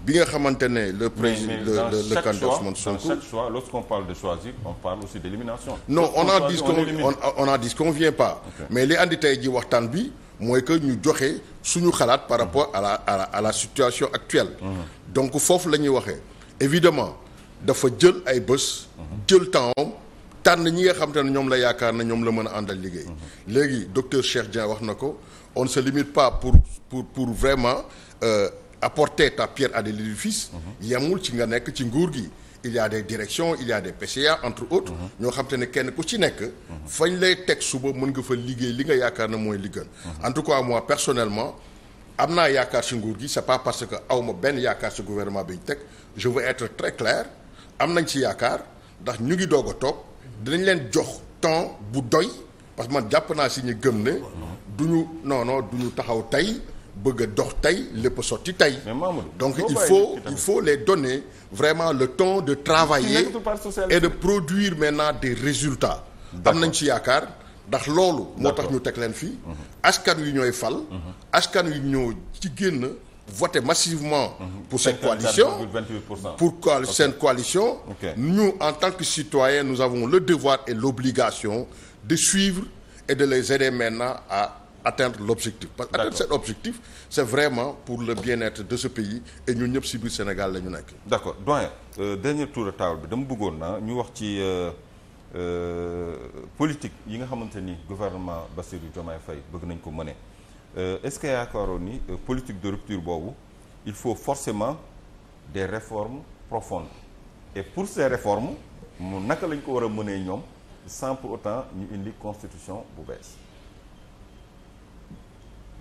bi nga xamante ne le président le le le candidat Ousmane Sonko. chaque choix lorsqu'on parle de choisir on parle aussi d'élimination. non on en disconvient on on en pas. mais li indi tey ji waxtaan bi mooy que ñu joxe. suñu xalaat par rapport à la situation actuelle. donc foofu la ñuy waxee. évidemment dafa jël ay bés. jël temps tànn ñi nga xam ne ñoom la yaakaar na ñoom la mën a àndal liggéey. léegi docteur Cheikh Dieng wax na ko on ne se limite pas pour pour pour vraiment euh, apporter ta pierre à l'édifice. yemul ci nga nekk ci nguur gi. il y a des direction il y a des PCA entre autres. ñoo xam te ne kenn ku ci nekk. fañ lay teg suba mën nga fa liggéey li nga yaakaar ne mooy li gën. en tout cas moi personnellement am naa yaakaar si nguur gi c'est pas parce que aw ma benn yaakaar ci gouvernement bi ñu teg je veux être très clair am nañ ci yaakaar ndax ñu ngi doog a toog dinañ leen jox temps bu doy parce que man jàpp naa si ñu gëm ne. duñu noonoo non duñu taxaw tey. bëgg a dox tey lépp sotti tey. donc il faut les donner vraiment le temps de travailler et de produire maintenant des résultats. am nañ ci yaakaar ndax loolu. moo tax ñu teg leen fii. Mhm. askan wi ñooy fal. Mhm. askan wi ñoo ci génn. voté massivement mhm. pour cette coalition pour cette coalition nous en tant que citoyens nous avons le devoir et l'obligation de suivre et de les aider maintenant à atteindre l'objectif parce que atteindre cet objectif c'est vraiment pour le bien-être de ce pays et ñun ñëpp si biir Sénégal la ñu nekk d'accord doyen euh, dernier tour de table bi dama bëggoon naa ñu wax ci euh, euh, politique yi nga xamante ni gouvernement Bassirou Diomaye fay bëgg nañ ko mëne euh, est-ce que yaakaaroon ni politique de rupture boobu il faut forcément des réformes profondes et pour ces réformes mu naka lañ ko war a mënee ñoom sans pour autant ñu indi constitution bu bees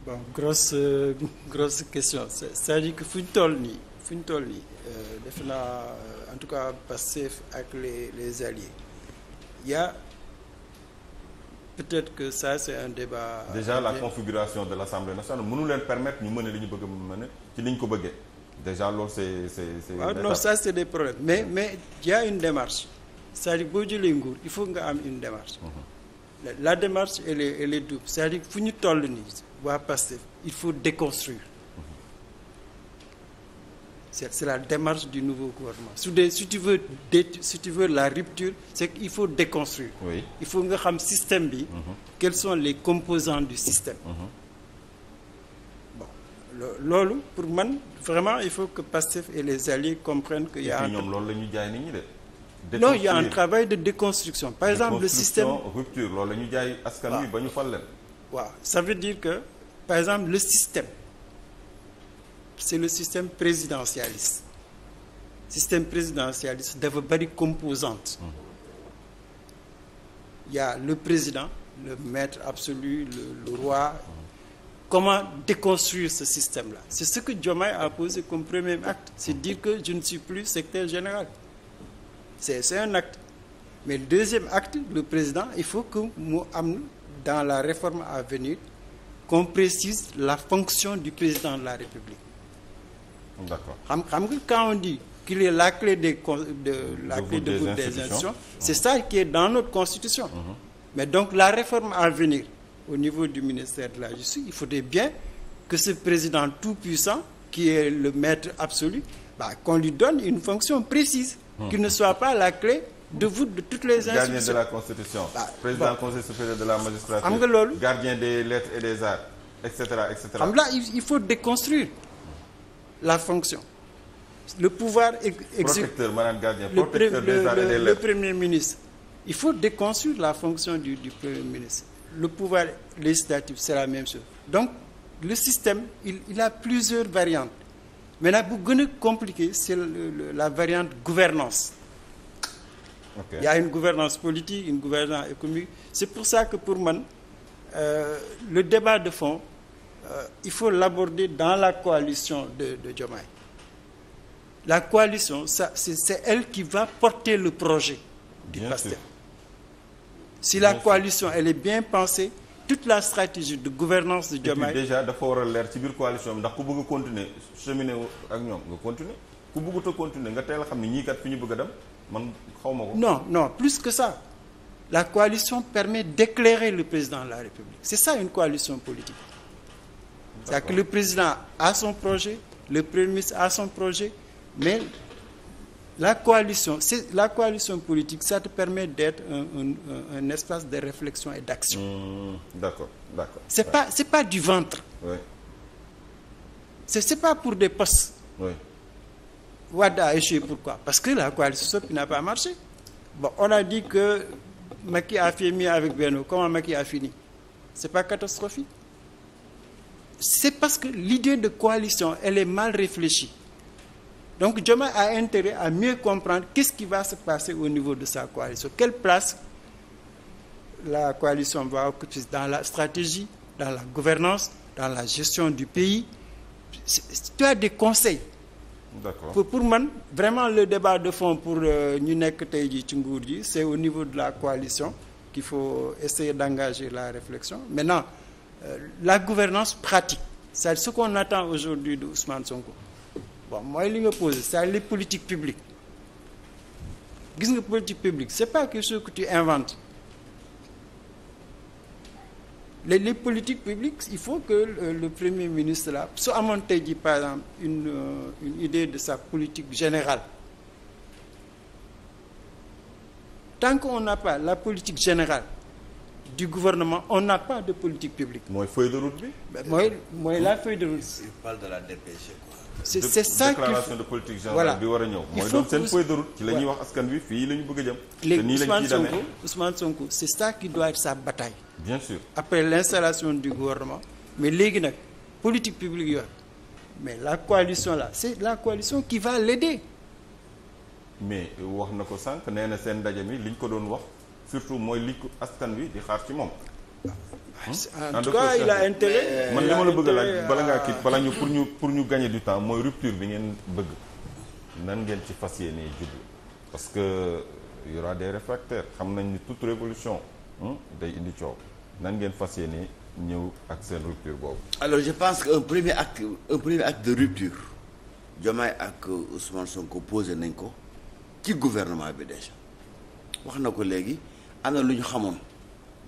bon grosse euh, grosse question c'est-à-dire que fu ñu toll nii fu ñu toll nii euh, def naa euh, en tout cas Pastef ak les les alliés il y a peut-être que sa c'est un débat. déjà la configuration de l'Assemblée nationale munu leen permettre ñu mën li ñu bëgg a mën ci li ñu ko bëggee déjà loolu c'est c'est waaw non ça c'est des problèmes mais mais il y a une démarche c'est-à-dire boo jëlee nguur il faut nga am une démarche. mm la démarche et est elle est double c'est-à-dire fu ñu toll nii waa Pastef il faut déconstruire c'est la démarche du nouveau gouvernement su dee si tu veux la rupture c'est qu'il faut déconstruire oui. il faut nga xam système bi mhm. quels sont les composants du système mhm. loolu pour man vraiment il faut que Pastef et les alliés comprennent que y a ñoom loolu la ñu jaay nit de non il y a un travail de déconstruction par exemple le système rupture loolu la ñu jaay askan wi ba ñu fal leen waaw ça veut dire par exemple le système c'est le système présidentialiste système présidentialiste dafa bari composante il y a le président le maître absolu le, le roi comment déconstruire ce système-là c'est ce que Diomaye a posé comme premier acte c'est dire que je ne suis plus secrétaire général c'est un acte mais le deuxième acte le président il faut que mu am dans la réforme à venir qu'on précise la fonction du président de la République. D'accord. xam xam nga quand on dit qu'il est la clé des de la clé de des institutions mhm. c'est ça qui est dans notre constitution. Mhm. Mais donc la réforme à venir au niveau du ministère de la Justice, il faudrait bien que ce président tout-puissant qui est le maître absolu, bah, qu'on lui donne une fonction précise. qui ne soit pas la clé de voûte de toutes les institutions. gardien de la constitution. Ah, président bon. conseil supérieur de la magistrature. xam nga loolu gardien des lettres et des arts et cetera et cetera. xam nga il faut déconstruire la fonction. le pouvoir exécutif protecteur maanaam gardien protecteur des arts et des lettres. le premier ministre. il faut déconstruire la fonction du du premier ministre. le pouvoir législatif c'est la même chose donc le système il il a plusieurs variantes. maintenant bu gën a compliqué c'est la variante gouvernance okay. il y a une gouvernance politique une gouvernance économique c'est pour ça que pour man euh, le débat de fond euh, il faut l'aborder dans la coalition de de Diomaye la coalition ça c'est elle qui va porter le projet du Pastef si la coalition sûr. est bien pensée toute la stratégie de gouvernance de Diomaye déjà dafa war a leer ci biir coalition bi ndax ku bëgg a continuer cheminer ak ñoom nga continuer ku bëggut a continuer nga teel a xam ne ñii kat fi ñu bëgg a dem man xaw ma ko. no non plus que ça la coalition permet d'éclairer le président de la République c'est ça une coalition politique. cest que le président a son projet le premier ministre a son projet mais. la coalition c'est la politique ça te permet d'être un, espace de réflexion et d'action. Mmh, d'accord d'accord. c'est ouais. pas c'est pas du ventre. c'est pas pour des postes. oui Wade pourquoi parce que la coalition Sopi n'a pas marché on a dit que Macky a fait mieux avec Benno comment Macky a fini c'est pas catastrophique c'est parce que l'idée de coalition elle est mal réfléchie. Donc Diomaye a intérêt à mieux comprendre qu'est-ce qui va se passer au niveau de sa coalition. Quelle place la coalition va occuper dans la stratégie, dans la gouvernance, dans la gestion du pays. Tu as des conseils. Pour, man vraiment le débat de fond pour euh, ñu nekk tey jii ci nguur ji c'est au niveau de la coalition qu'il faut essayer d'engager la réflexion. Maintenant euh, la gouvernance pratique, c'est ce qu'on attend aujourd'hui de Ousmane Sonko. boppam mooy li nga posé c'est les politiques publiques gis nga politique publique c'est pas quelque chose que tu inventes les les politiques publiques il faut que le, le premier ministre la su amoon tey jii par exemple une euh, idée de sa politique générale tant qu'on n'a pas la politique générale du gouvernement on n'a pas de politique publique. mooy feuille de route bi. mooy mooy la feuille de route. il de la DPG. c'est c'est ça déclaration de politique générale bi war a ñëw mooy donc seen feuille de route ci la ñuy wax askan wi fii la ñu bëgg a jëm léegi Ousmane Sonko Ousmane Sonko c'est ça qui doit être sa bataille bien sûr après l'installation du gouvernement mais léegi nag politique publique yooyu mais la coalition là c'est la coalition qui va l'aider mais wax na ko sànq nee na seen ndaje mi li ñu ko doon wax surtout mooy li ko askan wi di xaar ci moom en tout cas il a intérêt man li ma la bëgg laaj bala ngaa kii bala ñu pour ñu pour ñu gagner du temps mooy rupture bi ngeen bëgg nan ngeen ci fas yéenee jublu parce que y aura des réfractaires xam nañ ni toute révolution hmm, day indi coow nan ngeen fas yéenee ñëw ak seen rupture boobu. alors je pense que un premier acte un premier acte de rupture Diomaye ak Ousmane Sonko posé nañ ko ci gouvernement bi déjà wax na ko léegi am na lu ñu xamoon.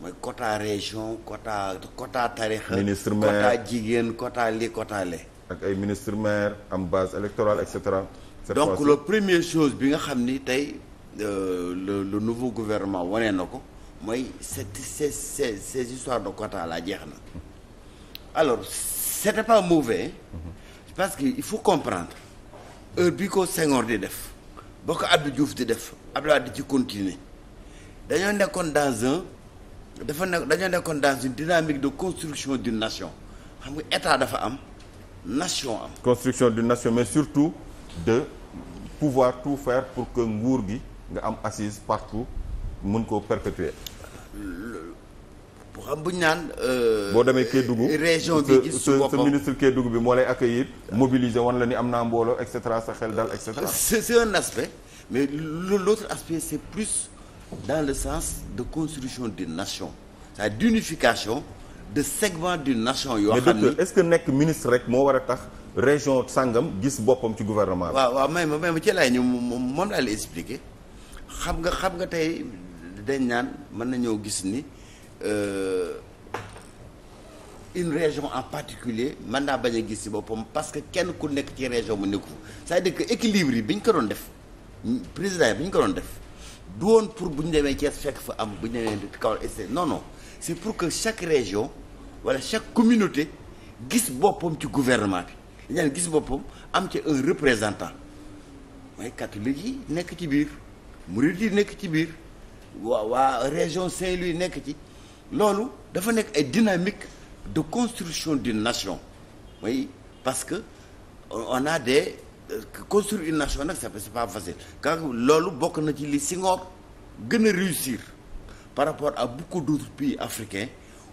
mooy quota région quota quota tarixa ministre maire quota jigéen quota li quota le ak ay ministre maire am base électorale et cetera donc la première chose bi nga xam ni tey euh, le le nouveau gouvernement wane na ko mooy cette ces ces ces histoires de quota la jeex na alors c'était pas mauvais mhm. parce que il faut comprendre heure bi ko Senghor di def boo ko Abdou Diouf di def Abdoulaye di ci continuer dañoo nekkoon dans un dafa nekk dañoo nekkoon dans une dynamique de construction d'une nation xam nga état dafa am nation am. construction d'une nation mais surtout de pouvoir tout faire pour que nguur gi nga am assise partout mun koo perpétuer. bu xam bu ñu naan. Euh, boo demee Kédougou région bi gis su boppam sa bi moo lay accueillir mobiliser wan la ni am naa mbooloo et cetera sa xel dal et cetera. c'est un aspect mais l'autre aspect c'est plus. dans le sens de construction d'une nation cest à d'unification de segment d'une nation yoo xam ni est-ce que nekk ministre rek moo war a tax région sàngam gis boppam ci gouvernement bi waaw waaw may ma may ma ci laay ñu moom laa la expliquer xam nga xam nga tey dañ naan mën nañoo gis ni euh, une région en particulier mën naa bañ a gis ci boppam parce que kenn ku nekk ci région mu nekku ko à dire que équilibre yi bi ñu ko doon def président yi bi ñu ko doon def du woon pour bu ñu demee Thiès fekk fa am bu ñu demee Kaolack et non non c'est pour que chaque région wala chaque communauté gis boppam ci gouvernement bi dañu gis boppam am ci un représentant mooy catholique yi nekk ci biir murid yi nekk ci biir waa waa région Saint-Louis nekk ci loolu dafa nekk ay dynamique de construction d'une nation mooy parce que on a des construire une nation nag c'est pas facile car loolu bokk na ci li Senghor gën a réussir par rapport à beaucoup d'autres pays africains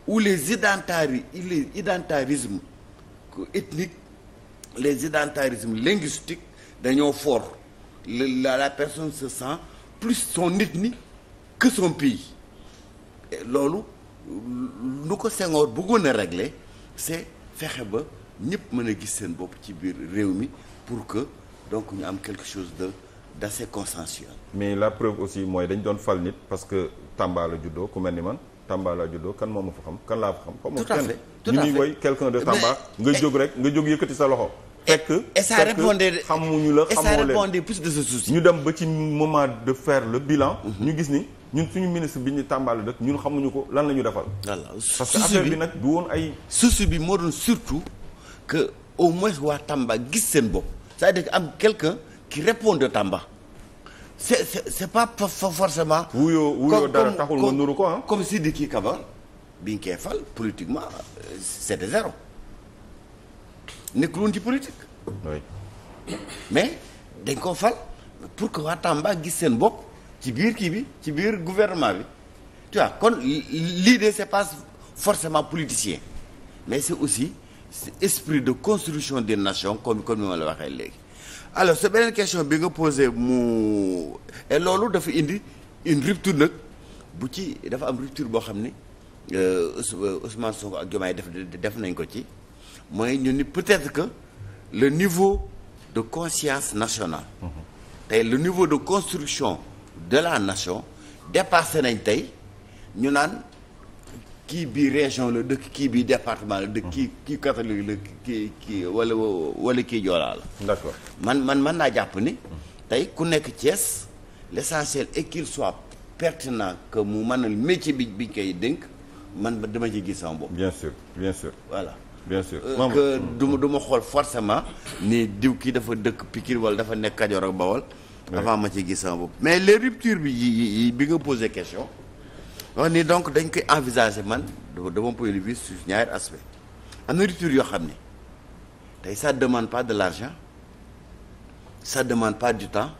où les identari les identarismes ethniques les identarismes linguistiques dañoo fort la la personne se sent plus son ni que son pays loolu lu ko Senghor bëggoon a régler c'est fexe ba ñëpp mën a gis seen bopp ci biir réew mi pour que donc ñu am quelque chose de d'assez consensuel. mais la preuve aussi mooy dañ doon fal nit parce que Tamba la juddoo ku mel ni man Tamba la juddoo kan moom ma fa xam kan laa fa xam. tout ñu ngi woy quelqu'un de Tamba nga jóg rek nga sa loxo. fekk fekk xamuñu la xamoo leen plus de ce ñu dem ba ci moment de faire le bilan. Mhm. ñu gis ni ñun suñu ministre bi ñu tàmbali dëkk ñun xamuñu ko lan la ñu defal. voilà parce que affaire bi nag du woon ay. souci bi moo doon surtout au moins waa Tamba gis seen bopp c'est-à-dire que am quelqu'un qui répond de Tamba c'est c'est c'est pas forcément. wuyoo wuyoo dara taxul nga nuru ko comme si Sidiki Kaba bi ñu koy fal politiquement euh, c'était zéro nekkul woon ci politique. mais dañ koo fal pour que waa Tamba gis seen bopp ci biir kii bi ci biir gouvernement bi tu vois kon l'idée c'est pas forcément politicien mais c'est aussi. esprit de construction de nation comme comme ni ma la waxee léegi alors sa beneen question bi nga posé mu et loolu dafa indi une rupture nag bu ci dafa am rupture boo xam ni euh, Ousmane Sonko ak Diomaye def def nañ ko ci mooy ñu ni peut-être que le niveau de conscience nationale mhm. tey le niveau de construction de la nation dépassé nañ tey ñu naan kii bi région la dëkk kii bii département la dëkk kii kii catholique la kii kii wala kii joolaa la man man mën naa jàpp ni tey ku nekk Thiès l'essentiel est qu'il soit pertinent que mu mënal métier bi bi koy dénk man dama ci gis sama bopp bien sûr voilà euh, ma du ma xool forcément ni diw kii dafa dëkk Pikine wala dafa nekk Kajoor ak ma ci gis mais les bi nga posé question wax nii donc dañ koy envisager man de mon point de vue ñaari aspect am na rupture yoo xam ne tey sa demande pas de l'argent ça demande pas du temps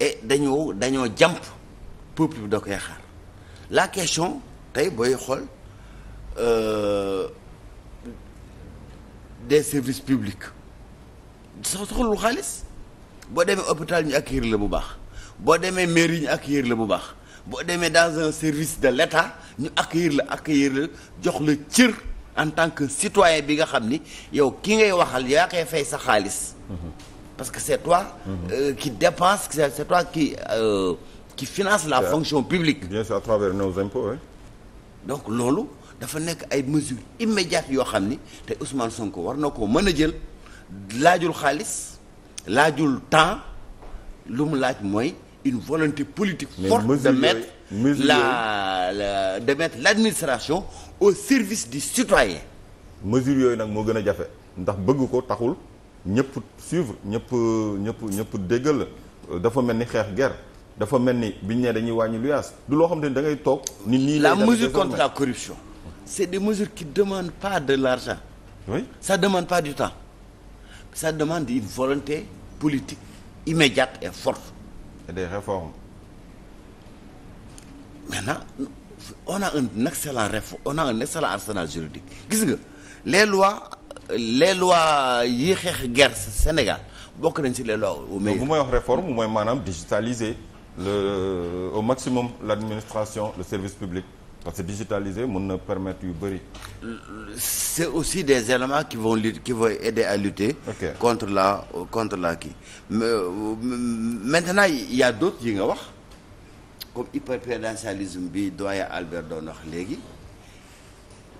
et dañoo dañoo jàmp peuple bi da koy xaar la question tey booy xool euh, des services publics soxlul xaalis boo demee hôpital ak accueillir la bu baax boo demee mairie ak accueillir la bu baax boo demee dans un service de l'État ñu ak accueillir la ak accueillir la jox la cër en tant que citoyen bi nga xam ni yow ki ngay waxal yaa koy fay sa xaalis. Mm-hmm. parce que c'est toi. Mm-hmm. Euh, qui dépense c'est toi qui euh, qui finance la fonction publique. bien sûr à travers donc loolu dafa nekk ay mesures immédiates yoo xam ni te Ousmane ko war na koo mën a jël laajul xaalis laajul temps lu mu laaj mooy. une volonté politique mais forte mesure, de mettre mesure, la, la de mettre l'administration au service du citoyen mesure yooyu nag moo gën a jafe ndax bëgg ko taxul ñëpp suivre ñëpp ñëpp ñëpp déggal dafa mel ni xeex ger dafa mel ni biñ ne dañuy wàññi luyaas du loo xam ne da ngay toog ni nii la mesure contre la corruption c'est des mesures qui demande pas de l'argent oui ça demande pas du temps ça demande une volonté politique immédiate et forte et des réformes. maintenant on a un excellent réforme on a un excellent arsenal juridique gis nga les lois les lois yi xeex guerre Sénégal bokk nañ si les lois. mais bu may wax réforme mooy maanaam digitaliser le au maximum l'administration le service public. parce que digitaliser mën na permettre yu bëri. c'est aussi des éléments qui vont lutter qui vont aider à lutter. contre la contre la kii euh, maintenant il y a yi nga wax comme hyperprésidentialisme bi doyen Albert doon wax léegi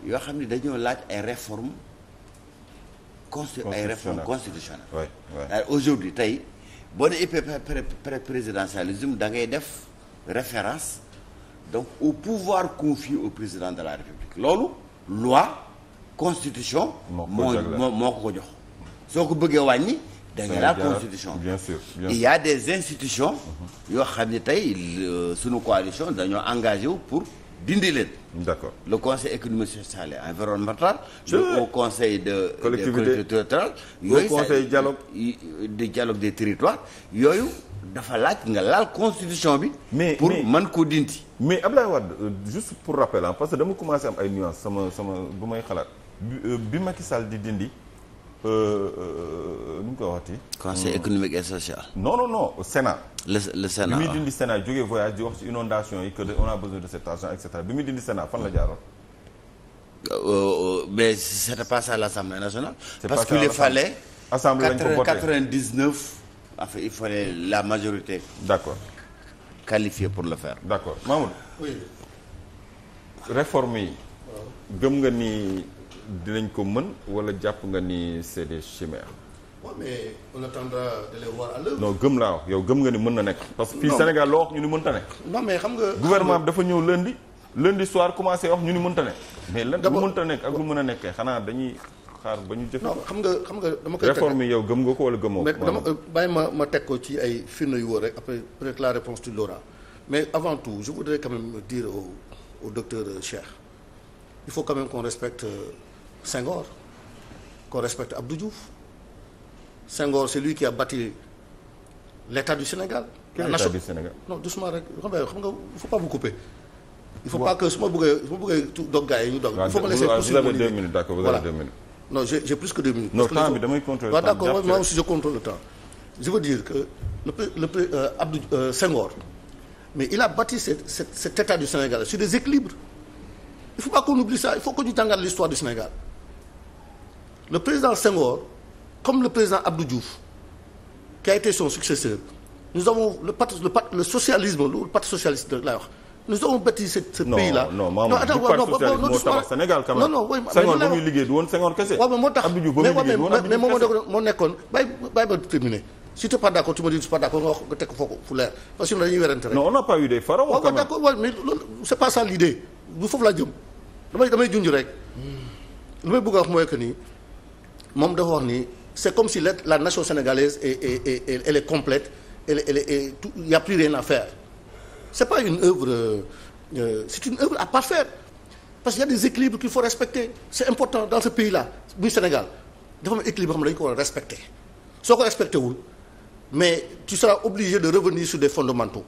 yoo xam ni dañoo laaj ay réformes. constitutionnelles ay réformes constitutionnelles. oui oui aujourd'hui tey boo nee hyperprésidentialisme da ngay def référence. donc au pouvoir confié au président de la république loolu loi constitution moo moo ko ko jox soo ko bëggee wàññi da nga la constitution bien sûr bien sûr il y des institutions yoo xam ne tey euh, sunu coalition dañoo engagé wu pour dindi leen. d'accord le conseil économique social et environnemental. moo haut conseil de. collectivité territoriale yooyu conseil dialogue de dialogue des territoires yooyu dafa laaj nga laal constitution bi. mais pour man koo dindi. mais Abdoulaye Wade euh, juste pour rappel parce que dama commencé am ay nuances sama sama bu may xalaat bi euh, Macky Sall di dindi. Euh, euh, nu mu koy waxati. conseil hmm. économique et social. non non non Sénat. le le Sénat bi muy ah. dindi Sénat jógee voyage di wax ci inondation yi que on a besoin de cet argent et bi muy dindi Sénat fan la jaaroon. Euh, mais c'était pas ça à l'Assemblée nationale. parce qu'il fallait. assemblée la majorité. d'accord. qualifiée pour le faire. d'accord Mamoud. oui. réforme yi. gëm nga ni. dinañ ko mën wala jàpp nga ni c'est des chimères. waaw mais on attendra de les voir à gëm laa wax yow gëm nga ni mën na nekk. parce que fii Sénégal loo wax ñu ni mënta nekk. non mais xam nga. guvernement bi dafa ñëw lundi lundi soir commencé wax ñu ni mënta nekk. mais lan lu mënta nekk ak lu mën a nekkee xanaa dañuy xaar ba ñu jëf. non xam nga xam nga dama koy. réforme yi yow gëm nga ko wala gëmoo. mais dama bàyyi ma ma teg ko ci ay firne yu wóor rek après peut la réponse tu l'auras mais avant tout je voudrais dire au au docteur Cheikh il faut quand même Senghor, qu'on respecte Abdou Diouf. Senghor, c'est lui qui a bâti l'État du Sénégal. Quel État du Sénégal Non, doucement rek Robert xam nga il faut pas vous couper. Il faut pas que su ma bëggee su ma bëggee dog gars yi ñu dog. Il faut me laisser poursuivre. Vous avez deux minutes, d'accord, vous avez deux minutes. Non, j'ai j'ai plus que deux minutes. Non, temps bi damay contrôler le temps. D'accord, moi aussi je contrôle le temps. Je veux dire que le le euh, Abdou euh, Senghor mais il a bâti cet cet, cet État du Sénégal sur des équilibres. Il faut pas qu'on oublie ça, il faut que ñu jàngal l'histoire du Sénégal. le président Senghor comme le président Abdou Diouf a été son successeur nous avons le parti le parti le socialisme le parti socialiste laay wax nous avons bâti ce ce pays là. non du parti mais moo tax moo pas d'accord tu me dis pas d'accord nga wax nga teg foofu fu leer que dañuy damay damay junj rek. li may bëgg a wax mooy que ni. moom dafa wax nii c'est comme si la la nation sénégalaise est est est elle, elle est complète elle elle est tout y a plus rien à c'est pas une œuvre euh, euh, c'est une œuvre à parfaire parce que y des équilibres qu'il faut respecter c'est important dans ce pays-là muy Sénégal dafa am équilibre xam ne dañu ko respecter soo ko respecté wul mais tu seras obligé de revenir sur des fondamentaux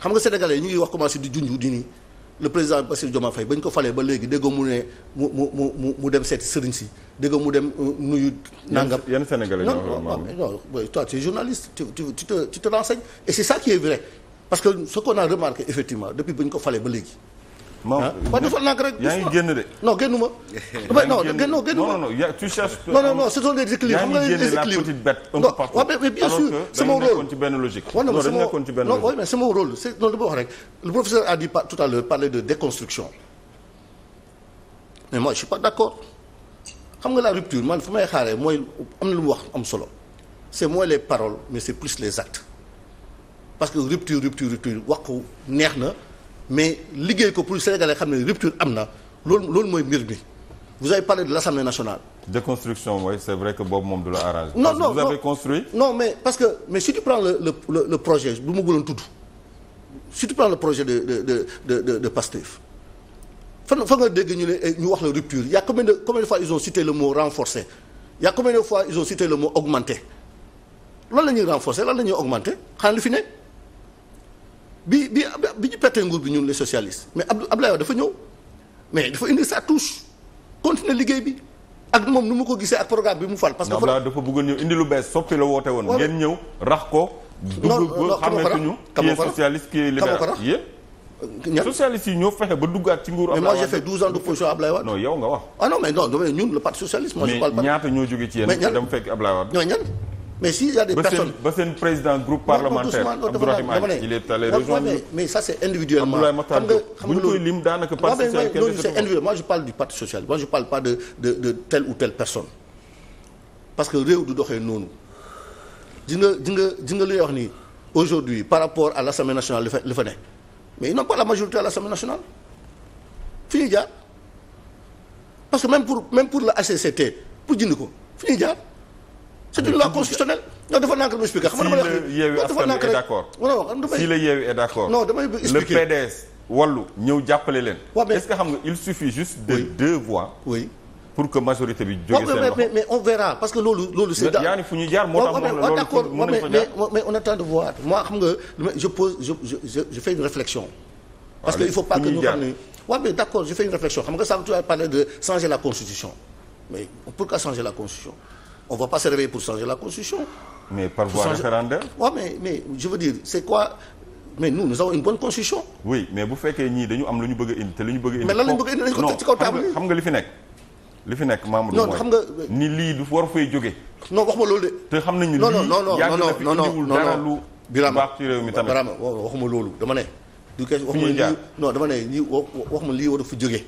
xam nga sénégalais ñu ngi wax commencé di junj di nii. le président Bassirou Diomaye Faye ba ñu ko falee ba léegi déggoo mu ne mu mu mu mu dem seeti sëriñ si déggoo mu dem euh, nuyu. nangam yan Sénégalais ñoo non ah, non toi tu es journaliste tu tu tu te tu te renseignes et c'est ça qui est vrai parce que ce qu'on a remarqué effectivement depuis ba ñu ko falee ba léegi. ma waa defal naa ko rek. yaa ngi génn de. non génn ma. yaa ngi génn non génn ma non non tu cherches. non non non ce sont des équilibres xam nga les équilibres yaa ngi génn la petite bête un peu partout. mais bien sûr sama rôle alors que dañu nekkoon ci benn logique. non dañu nekkoon ci benn logique non oui mais sama rôle c'est non li ma wax rek le professeur a dit tout à l'heure parler de déconstruction mais moi je suis pas d'accord xam nga la rupture man fu may xaaree mooy am na lu mu wax am solo c'est moins les paroles mais c'est plus les actes parce que rupture rupture rupture wax neex na. mais liggéey ko pour sénégalais xam ne rupture am na loolu loolu mooy mbir mi vous avez parlé de l'Assemblée nationale. déconstruction mooy c'est vrai que boobu moom du la arrange. non parce non que vous non, avez construit. non mais parce que mais si tu prends le le projet bu ma gënoon tudd si prends le projet de de de de de, de Pastef fan nga dégg ñu ne eh, ñu wax la rupture il y a combien de fois ils ont cité le mot renforcé il y a fois ils ont cité le mot augmenté lan la ñuy renforcer lan la ñuy augmenté fi nekk. bi bi bi ñu perte nguur bi ñun les socialistes mais Abdou Abdoulaye dafa ñëw mais dafa indi sa touche continuer liggéey bi ak moom nu mu ko gisee ak programme bi mu fal. parce que dafa bëggoon ñëw indi lu bees soppi la woote woon. ngeen ñëw rax ko. non non xameetuñu qui est socialiste qui est ci nguuru. Ablaye Wade mais moi j'ai nga wax. ah mais non ñun parti socialiste. mais ñaata ñoo jógee ci yéen. mais ñan dem fekk Ablaye Wade. ñan. mais s'il y a des Bassène, personnes ba seen président groupe parlementaire Abdourahmane il est allé rejoindre mais ça c'est individuellement moi je parle du parti social moi je parle pas de de ou telle personne parce que réew du doxee noonu di nga di nga di nga luy wax nii aujourd'hui par rapport à l'Assemblée nationale li fa ne mais ils n'ont pas la majorité à l'Assemblée nationale fi ñuy jaar parce que même pour même pour la HCCT pour jënd ko fi ñuy jaar c'est une loi constitutionnelle non dafa nànk dama expliqué. xam nga dama la dafa nànk rek d'accord non damay expliqué le wallu ñëw jàppale leen. est-ce que xam nga il suffit juste de deux voix. oui pour que majorité bi jóge seen loxo mais mais on verra parce que loolu c'est yaa ni fu ñu jaar moo tax loolu d'accord mais mais on nga je pose je je je fais une réflexion. parce que il faut pas que ñu xam ne waaw d'accord je fais une réflexion xam nga sànq tu la constitution on va pas se réveiller pour changer la constitution. mais par voie référendaire. waaw ouais, mais mais je veux dire c'est quoi mais nous nous avons une bonne constitution. oui mais bu fekkee ñii dañu am lu ñu bëgg a indi te lu ñu bëgg a indi. mais lan la ñu bëgg a indi dañu ko teg ci kaw table xam nga li fi nekk. li fi nekk Mamadou mooy non xam nga. ni lii du war fay jóge. non waxuma loolu de. te xam nañu ne lii yàgg na fi indiwul dara lu baax ci réew mi tamit. Birama waxuma loolu dama ne. du kee waxuma lii non dama ne lii waxuma lii war a fa jóge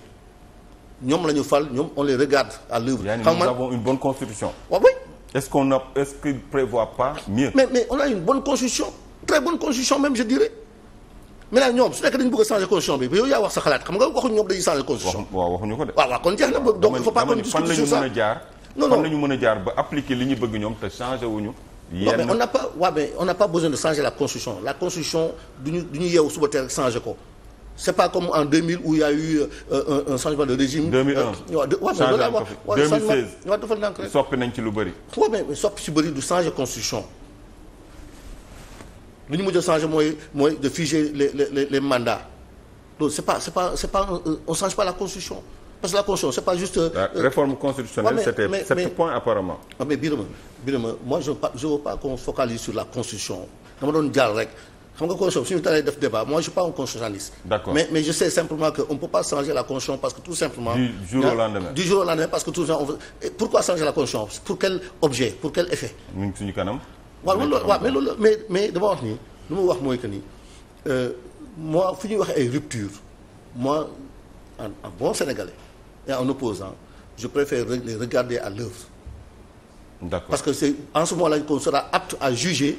ñoom la ñu fal ñoom on les regarde à l'œuvre nous avons une bonne constitution. waaw ah oui. est-ce qu'on a est-ce qu'il prévoit pas mieux. mais mais on a une bonne constitution très bonne constitution même je dirais. maintenant ñoom su nekkee dañu bëgg changer constitution bi ba yaa wax sa xalaat xam nga waxuñu ñoom dañuy changer constitution. waaw waxuñu ko de. waaw waaw kon jeex na donc il faut pas qu'on discute sur fan la mën a jaar. a jaar ba appliquer li ñu bëgg ñoom n'a pas waaw mais on n'a pas la constitution ñu du ñu yeewu suba teel ko c'est pas comme en 2000 où il y a eu euh, un, un changement de régime. 2001 waaw euh, de waaw loolu dafa waaw 2016 waaw dafa nànk rek soppi nañ ci lu bëri. waaw mais soppi ci bëri du changer constitution lu ñu mujj a changer mooy mooy de figer les les les mandats donc c'est pas c'est pas euh, on change pas la constitution parce que la constitution c'est pas juste. Euh, la réforme constitutionnelle c'était sept points apparemment. waaw ah, mais Birama moi je ne pas qu'on focalise sur la constitution dama doon jàll rek. xam nga constitution suñu dalee def débat moi je suis pas un constitutionnaliste. d'accord mais mais je sais simplement que on peut pas changer la constitution parce que tout simplement. du jour au lendemain parce que tout simplement on pourquoi changer la constitution pour quel objet pour quel effet. ñu ngi suñu kanam. waaw loolu waaw mais loolu mais mais dama wax nii lu ma wax mooy que ni euh, moi fu ñuy wax ay rupture moi en en bon sénégalais et en opposant je préfère les regarder à l'œuvre. d'accord parce que c'est en ce moment-là qu'on sera apte à juger.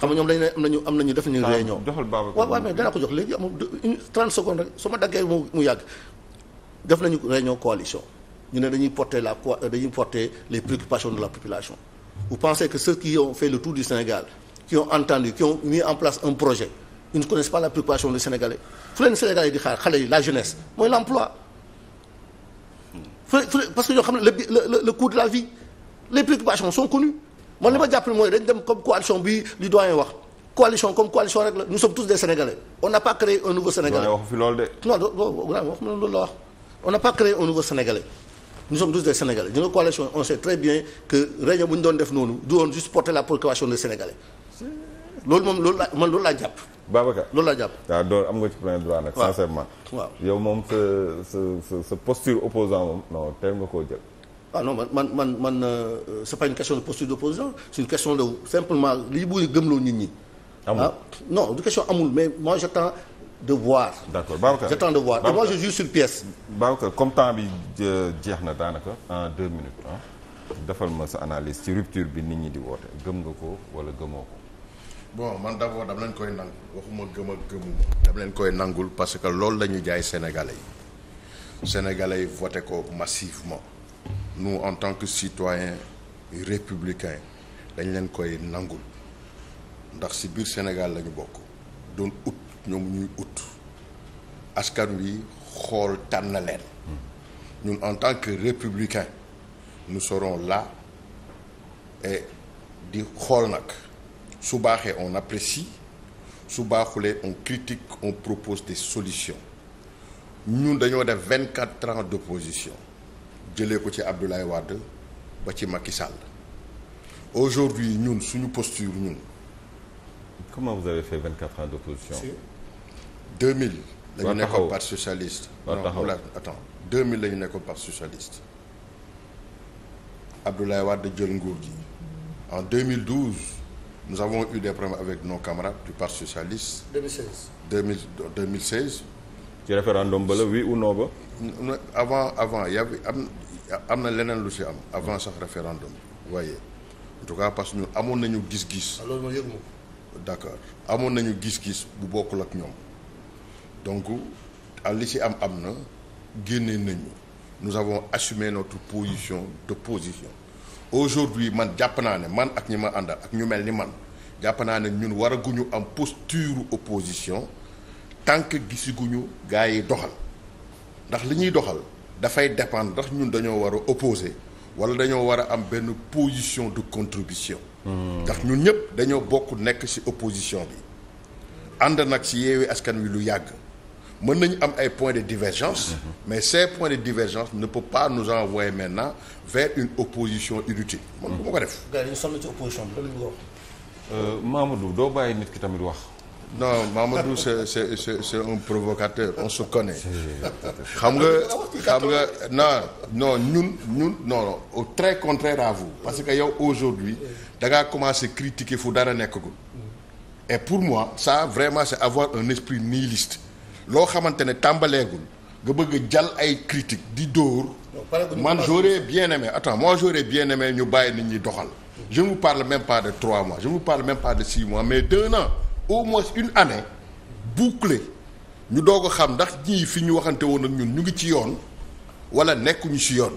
xam nga ñoom dañ am nañu am nañu def nañu réunion waaw waaw mais danaa ko jox léegi amul trente secondes rek su ma daggee mu yàgg def nañu réunion coalition ñu ne dañuy porter la dañuy porter les préoccupations de la population vous pensez que ceux qui ont fait le tour du Sénégal qui ont entendu qui ont mis en place un projet ils ne connaissent pas la préoccupation des Sénégalais fu leen Sénégalais yi di xaar xale yi la jeunesse mooy l'emploi parce que yoo xam ne le le coût de la vie les préoccupations sont connues man li ma jàpp mooy dañ dem comme coalition bi li doyen wax coalition comme coalition rek la de. non wax ma loolu la wax on n'a pas créé un nouveau sénégalais. nous sommes tous on sait très bien que doon def noonu du woon la préoccupation des sénégalais loolu moom loolu laa man laa jàpp. Babacar loolu laa jàpp. waaw doon am nga ci plein droit nag. sincèrement. waaw yow moom sa sa sa posture opposant moom. non teel nga koo jël. ah non man man man man euh, c'est pas une question de posture d'opposant c'est une question de simplement lii buy gëmloo nit ñi. amul ah, non du question amul mais moi j'attends de voir. d'accord Babacar j'attends de voir et moi je juge sur pièce. Babacar comme temps bi jeex na daanaka en deux minutes ah. defal ma sa analyse ci rupture bi nit ñi di woote gëm nga ko wala gëmoo ko. bon man d'abord dama leen koy nangu waxuma gëm ak gëmuma dama leen koy nangul parce que loolu la ñu jaay sénégalais yi sénégalais yi voté ko nous en tant que citoyens républicains dañ leen koy nangul ndax ci biir Sénégal la bokk doon ut ñoom ñuy ut askan wi xool tànn leen ñun en tant que républicains nous soron la di xool nag su baaxee on apprécie su baaxulee on critique on propose des solutions ñun dañoo def vingt-quatre ans d'opposition jëlee ko ci Abdoulaye Wade ba ci Macky Sall aujourd'hui ñun suñu posture ñun. comment vous avez fait 24 ans d'opposition. 2000. la ñu nekkoon parti socialiste. non non la attends 2000 la ñu nekkoon parti socialiste. Abdoulaye Wade jël nguur gi. en 2012 nous avons eu des problèmes avec nos camarades du parti socialiste. 2016 2000 2016. ci référendum ba la oui ou ba. avant avant y' am am na leneen lu si am avant sax référendum waaye en tout cas parce que ñun amoon nañu gis-gis. Ah, loolu mooy yëg ma amoon nañu gis-gis bu bokkul ak ñoom donc li si am am na génne nañu nous avons assumé notre position de position aujourd'hui man jàpp naa ne man ak ñi ma àndal ak ñu mel ni man jàpp naa ne ñun waraguñu am posture opposition. tant que gisuguñu gars yi doxal ndax li ñuy doxal dafay dépendre ndax ñun dañoo war a opposer wala dañoo war a am benn position de contribution. Hmm. ndax ñun ñëpp dañoo bokk nekk ci opposition bi ànd nag ci yeewi askan wi lu yàgg mën nañu am ay points de divergence. Hmm. mais ces points de divergence ne peut pas nous envoyer maintenant vers une opposition inutile. man bu ma ko def. gars yi ñu sonn ci opposition bi loolu la ñu wax. Euh, Mamadou doo tamit wax. non Mamadou c'est c'est c'est un provocateur on se connaît xam nga xam nga non non ñun ñun non non au très contraire à parce que yow aujourd'hui da ngaa commencé critiquer fu dara nekk nekkagul et pour moi sa vraiment c'est avoir un esprit nihiliste loo xamante ne tàmbaleegul nga bëgg a jàll ay critique di dóor man j'aurais bien aimé attends moi j'aurais bien ñu bàyyi nit ñi doxal je ne vous parle même pas de trois mois je ne vous parle pas de six mois mais d'un an au moins une année bouclée ñu doog a xam ndax ñii fi ñu waxante woon ak ñun ñu ngi ci yoon wala nekkuñu ci yoon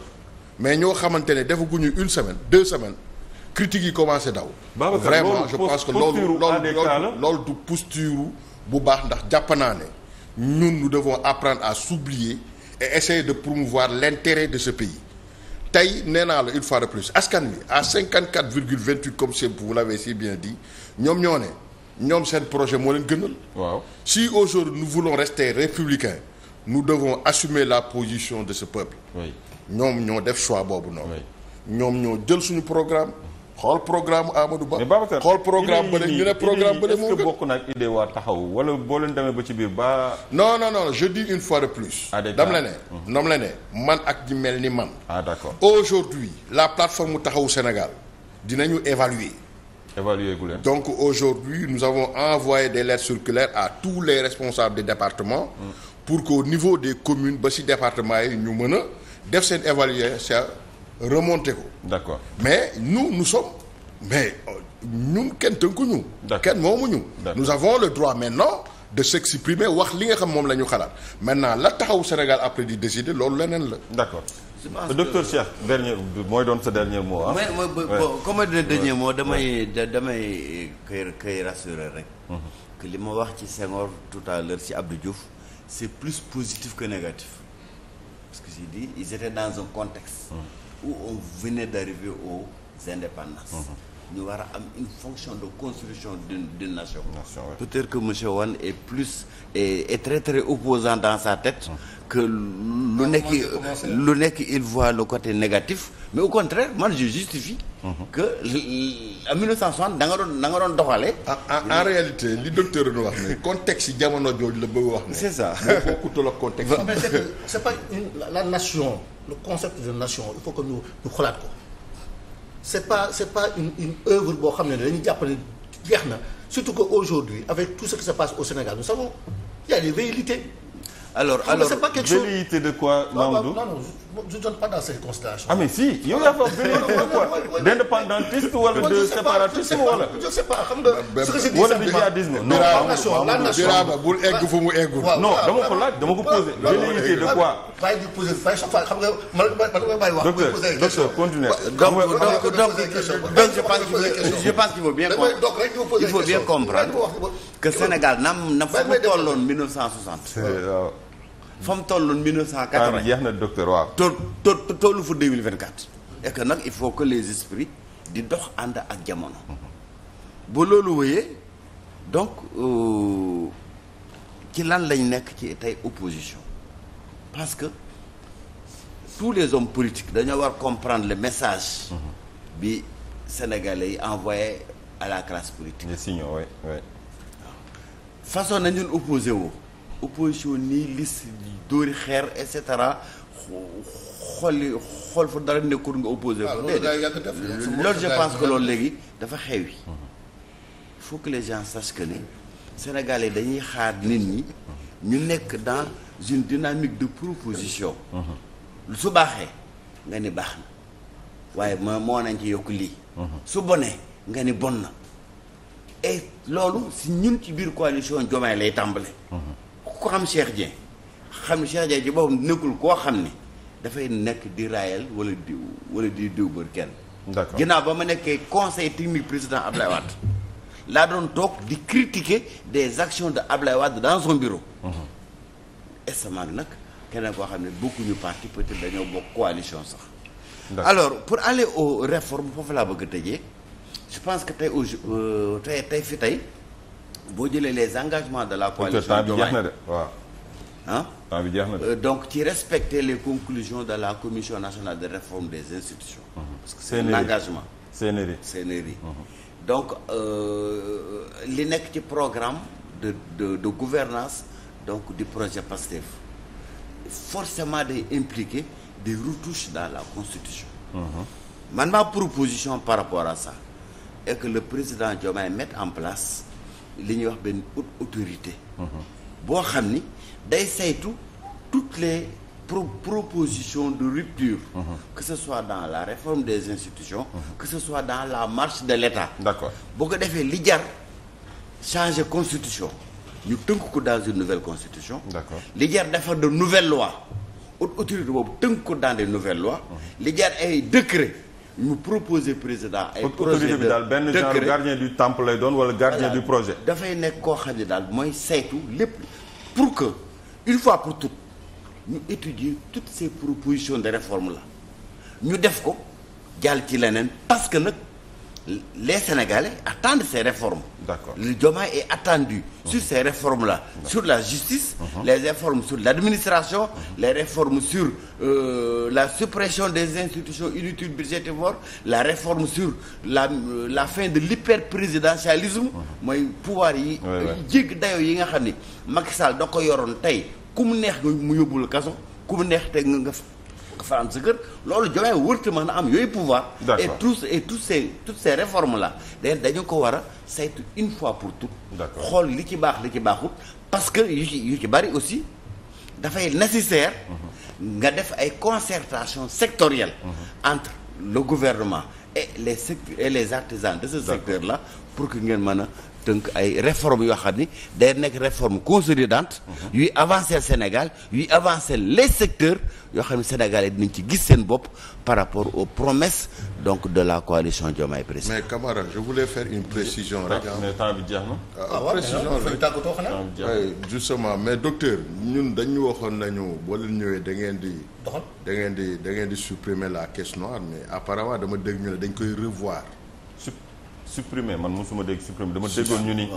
mais ñoo xamante ne defaguñu une semaine deux semaines critiques yi commencé daw. vraiment je pense que loolu loolu loolu du posture bu baax ndax jàpp naa ne ñun nous devons apprendre à s'oublier et essayer de promouvoir l'intérêt de ce pays tey nee naa la une fois de plus askan wi à 54 virgule 28 comme c'est vous l'avez si bien dit ñoom ñoo ne. ñoom seen projet moo leen gënal. waaw si aujourd'hui nous voulons rester républicains nous devons assumer la position de ce peuple. oui ñoom ñoo def choix boobu noonu. ñoom ñoo jël suñu programme. xool programme Amadou Ba. mais Babacar xool programme ba ñu ne programme ba de moo gën. est-ce que bokk na ak idée taxaw wala boo leen demee ba ci biir ba. non non non je une fois de plus. ah dam la ne. noom mhm. la ne man ak ñi mel ni man. ah d'accord aujourd'hui la plateforme taxawu Sénégal ñu évaluer. évaluer gu leen donc aujourd'hui nous avons envoyé des lettres circulaires à tous les responsables des départements mm. pour que niveau des communes ba ci département yi ñu mën a def seen évaluation remonter ko d'accord mais nous nous sommes mais ñun kenn tënkuñu kenn moomuñu nous avons le droit maintenant de s'exprimer wax li nga xam moom la ñu xalaat maintenant la taxaw Sénégal après di décider loolu leneen la d'accord je pense que docteur Cheikh dernier mooy doon sa dernier mot ah. mais bon comme dernier mot damay damay koy koy rassurer rek. Mhm. que li ma wax ci Senghor tout à l'heure ci Abdou Diouf c'est plus positif que négatif parce que j'ai dit ils étaient dans un contexte. Mhm. où on venait d'arriver aux indépendances. Mhm. ñu war a am une fonction de construction d'une d'une nation peut-être que monsieur Wane est plus est, est très très opposant dans sa tête que lu nekk lu nekk il voit le côté négatif mais au contraire man je justifie que en 1960 da nga doon da nga doon doxalee en réalité li docteur nu wax ne contexte yi jamono jooju la bëgg wax ne c'est ça la nation le concept de nation il faut que ñu ñu xalaat ko c'est pas c'est pas une une œuvre boo xam ne dañu jàpp ne jeex na surtout que aujourd'hui avec tout ce qui se passe au Sénégal nous savons il y a des velléités alors alors velléité de quoi Maodo je donne pas dans ces considérations. ah mais si yow yaa fa bëri quoi d'indépendantiste wala de séparatiste wala. je sais pas xam nga. ce que je dis wala de djihadisme. non la nation la nation Birama bul egg fu mu eggul. non dama ko laaj dama ko posé. velléité de quoi. bàyyi di posé fay chaque fois xam nga man man damay bàyyi wax. docteur docteur continuez. donc donc donc je pense je pense qu'il faut bien. il faut bien comprendre que Sénégal nam na fa mu tolloon 1960. fa mu tolloon 1980. jeex na docteur waaw. tool tool toolu fa 2024. et que nag il faut que les esprits di dox ànd ak jamono. ba loolu wëyee donc euh, ci lan lañ nekk ci tey opposition parce que tous les hommes politiques dañoo war comprendre le message. bi sénégalais yi envoyé à la classe politique. les façon na ñun opposition nii liste. dóori xeer et cetera xolli xool fu dara nekkul nga opposé ko ah, je pense que loolu léegi dafa xewi il faut que les gens sachent que dañuy xaar nit ñi ñu nekk dans une dynamique de proposition su baaxee nga ni baax na waaye ma moo nañ ci yokk lii su bonee nga ni bon na et loolu si ñun ci biir coalition Diomaye lay tàmbale ku ko xam Cheikh Dieng xam ne Cheikh Ndiaye ci boppam nekkul koo xam ne dafay nekk di raayal wala di wala di diw bër kenn. d'accord ginnaaw ba ma nekkee conseil technique président Ablaye Wade laa doon toog di critiquer des actions de Ablaye Wade dans son bureau. Mhm. estomac nag keneen koo xam ne bokkuñu parti peut-être dañoo bokk coalition sax. alors pour aller aux réformes foofu laa bëgg a tëjee je pense que tey au euh, tey tey fi tey boo jëlee les engagements de la coalition. waaw ah jeex na euh, donc ci respecter les conclusions de la commission nationale de réforme des institutions mmh. parce que c'est engagement CNRI CNRI mmh. donc euh, li nekk ci programme de de de gouvernance donc du projet PASTEF forcément day impliquer des retouches dans la constitution mmh. man ma proposition par rapport à ça est que le président Diomaye mette en place li ñuy wax benn haute autorité mhm. boo xam ni day saytu toutes les pro propositions de rupture. Mm que ce soit dans la réforme des institutions. Mm -hmm. que ce soit dans la marche de l'État. d'accord boo ko defee li jar changer constitution ñu tënk ko dans une nouvelle constitution. d'accord li jar defar de nouvelles lois autorité boobu tënk ko dans des nouvelles lois. Mhm. li jar ay décret ñu proposer président ay projet bi daal benn genre gardien du temple lay doon wala gardien du projet dafay nekk koo xam ne daal mooy saytu lépp pour que une fois pour toutes ñu étudier toutes ces propositions de réforme la ñu def ko jàll ci leneen parce que nag les Sénégalais attendent ces réformes. D'accord. Le Diomaye est attendu mmh. sur mhm. ces réformes-là, sur la justice, mmh. les réformes sur l'administration, mmh. les réformes sur euh, la suppression des institutions inutiles budgétivores, la réforme sur la, euh, la fin de l'hyperprésidentialisme mhm. mooy pouvoir yi jégg dayoo yi nga xam ni Macky Sall da ko yoroon tey ku mu neex mu yóbbul kaso ku mu neex te nga nga ko faram sa kër loolu Diomaye wërta man a am yooyu pouvoir et tous et tous ces toutes ces réformes là dañu ko war a saytu une fois pour toutes xool li ci baax li ci baaxut parce que yu ci yu ci bari aussi dafay nécessaire nga def ay concertation sectorielle mhm. entre le gouvernement et les et les artisans de ce secteur la pour que ngeen mën a tënk ay réformes yoo xam ni day nekk réforme consolidante mhm. yuy avancer Sénégal yuy avancer les secteurs yoo xam ne Sénégalais dinañ ci gis seen bopp par rapport aux promesses donc de la coalition Diomaye Président. mais Camara je voulais ah, rek. mais temps bi jeex na. Ah, ah, précision rek tàggatoo xanaa. mais docteur ñun dañu waxoon nañu boo leen ñëwee da ngeen di. da ngeen di da ngeen di supprimer la caisse noire mais apparemment dama dégg ñu ne dañ koy revoir. supprimer man mosuma dégg supprimer dama déggoon ñu ni.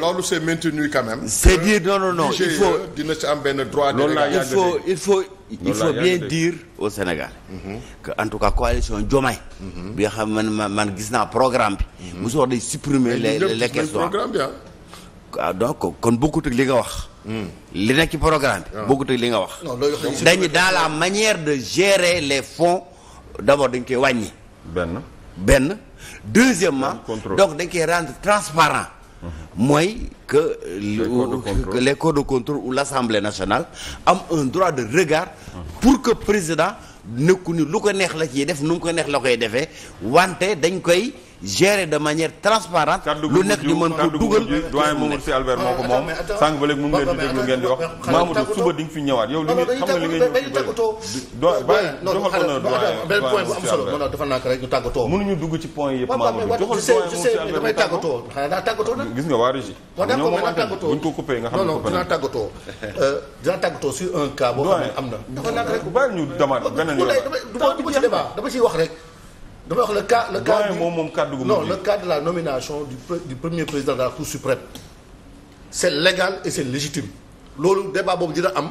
loolu c'est maintenu quand même. c'est dire non non il faut euh, dina ci am benn droit. loolu il faut il faut. bien dire au Sénégal. Mhm. en tout cas coalition Diomaye. Mhm. bi nga xam man gis naa programme bi. Mhm. mosoo day supprimer les les questions. programme bi ah. ah donc kon li nga wax. li nekk ci programme bi. Ah. li nga wax. dañu dans la manière de gérer les fonds d' abord dañ koy wàññi. benn benn. deuxièmement donc dañ koy rendre transparent. Mhm. mooy que les corps de contrôle ou l' assemblée nationale am un droit de regard mhm. pour que président nekku ni lu ko neex la ciy def nu mu ko neex la koy defee wante dañ koy. gérer de manière transparente lu nekk ñu mën ko dugal doyen Mamadou Sy Albert moo ko ah, moom sànq ba léegi mu ngi leen di ngeen di wax Mamadou suba di fi ñëwaat yow li nga xam nga li nga ñëw benn ñu dugg ci point yëpp Mamadou joxal damay tàggatoo xanaa naa tàggatoo nag gis nga waa régie ñoo moom antenne buñ ko coupé nga xam ne coupé dinaa tàggatoo euh, dinaa tàggatoo sur un cas boo xam ne am na dafa naa ko rek bàyyi ñu damaat beneen dama wax le cas le cas du moom moom kàddu gu non le cas de la nomination du du premier président de la cour c'est légal et c'est légitime loolu débat boobu dina am.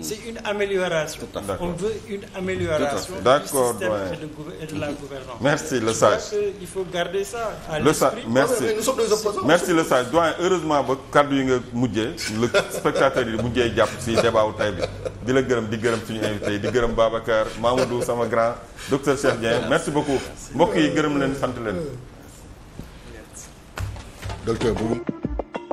c'est une amélioration. Tout à Merci le sage. Il faut garder le sage doyen heureusement ba kàddu yi nga mujjee le spectateur yi mujjee jàpp ci débat wu tay bi di la gërëm di gërëm suñu invité di gërëm Babacar Mamadou sama grand docteur Cheikh Dieng merci beaucoup mbokk yi gërëm leen sant leen. docteur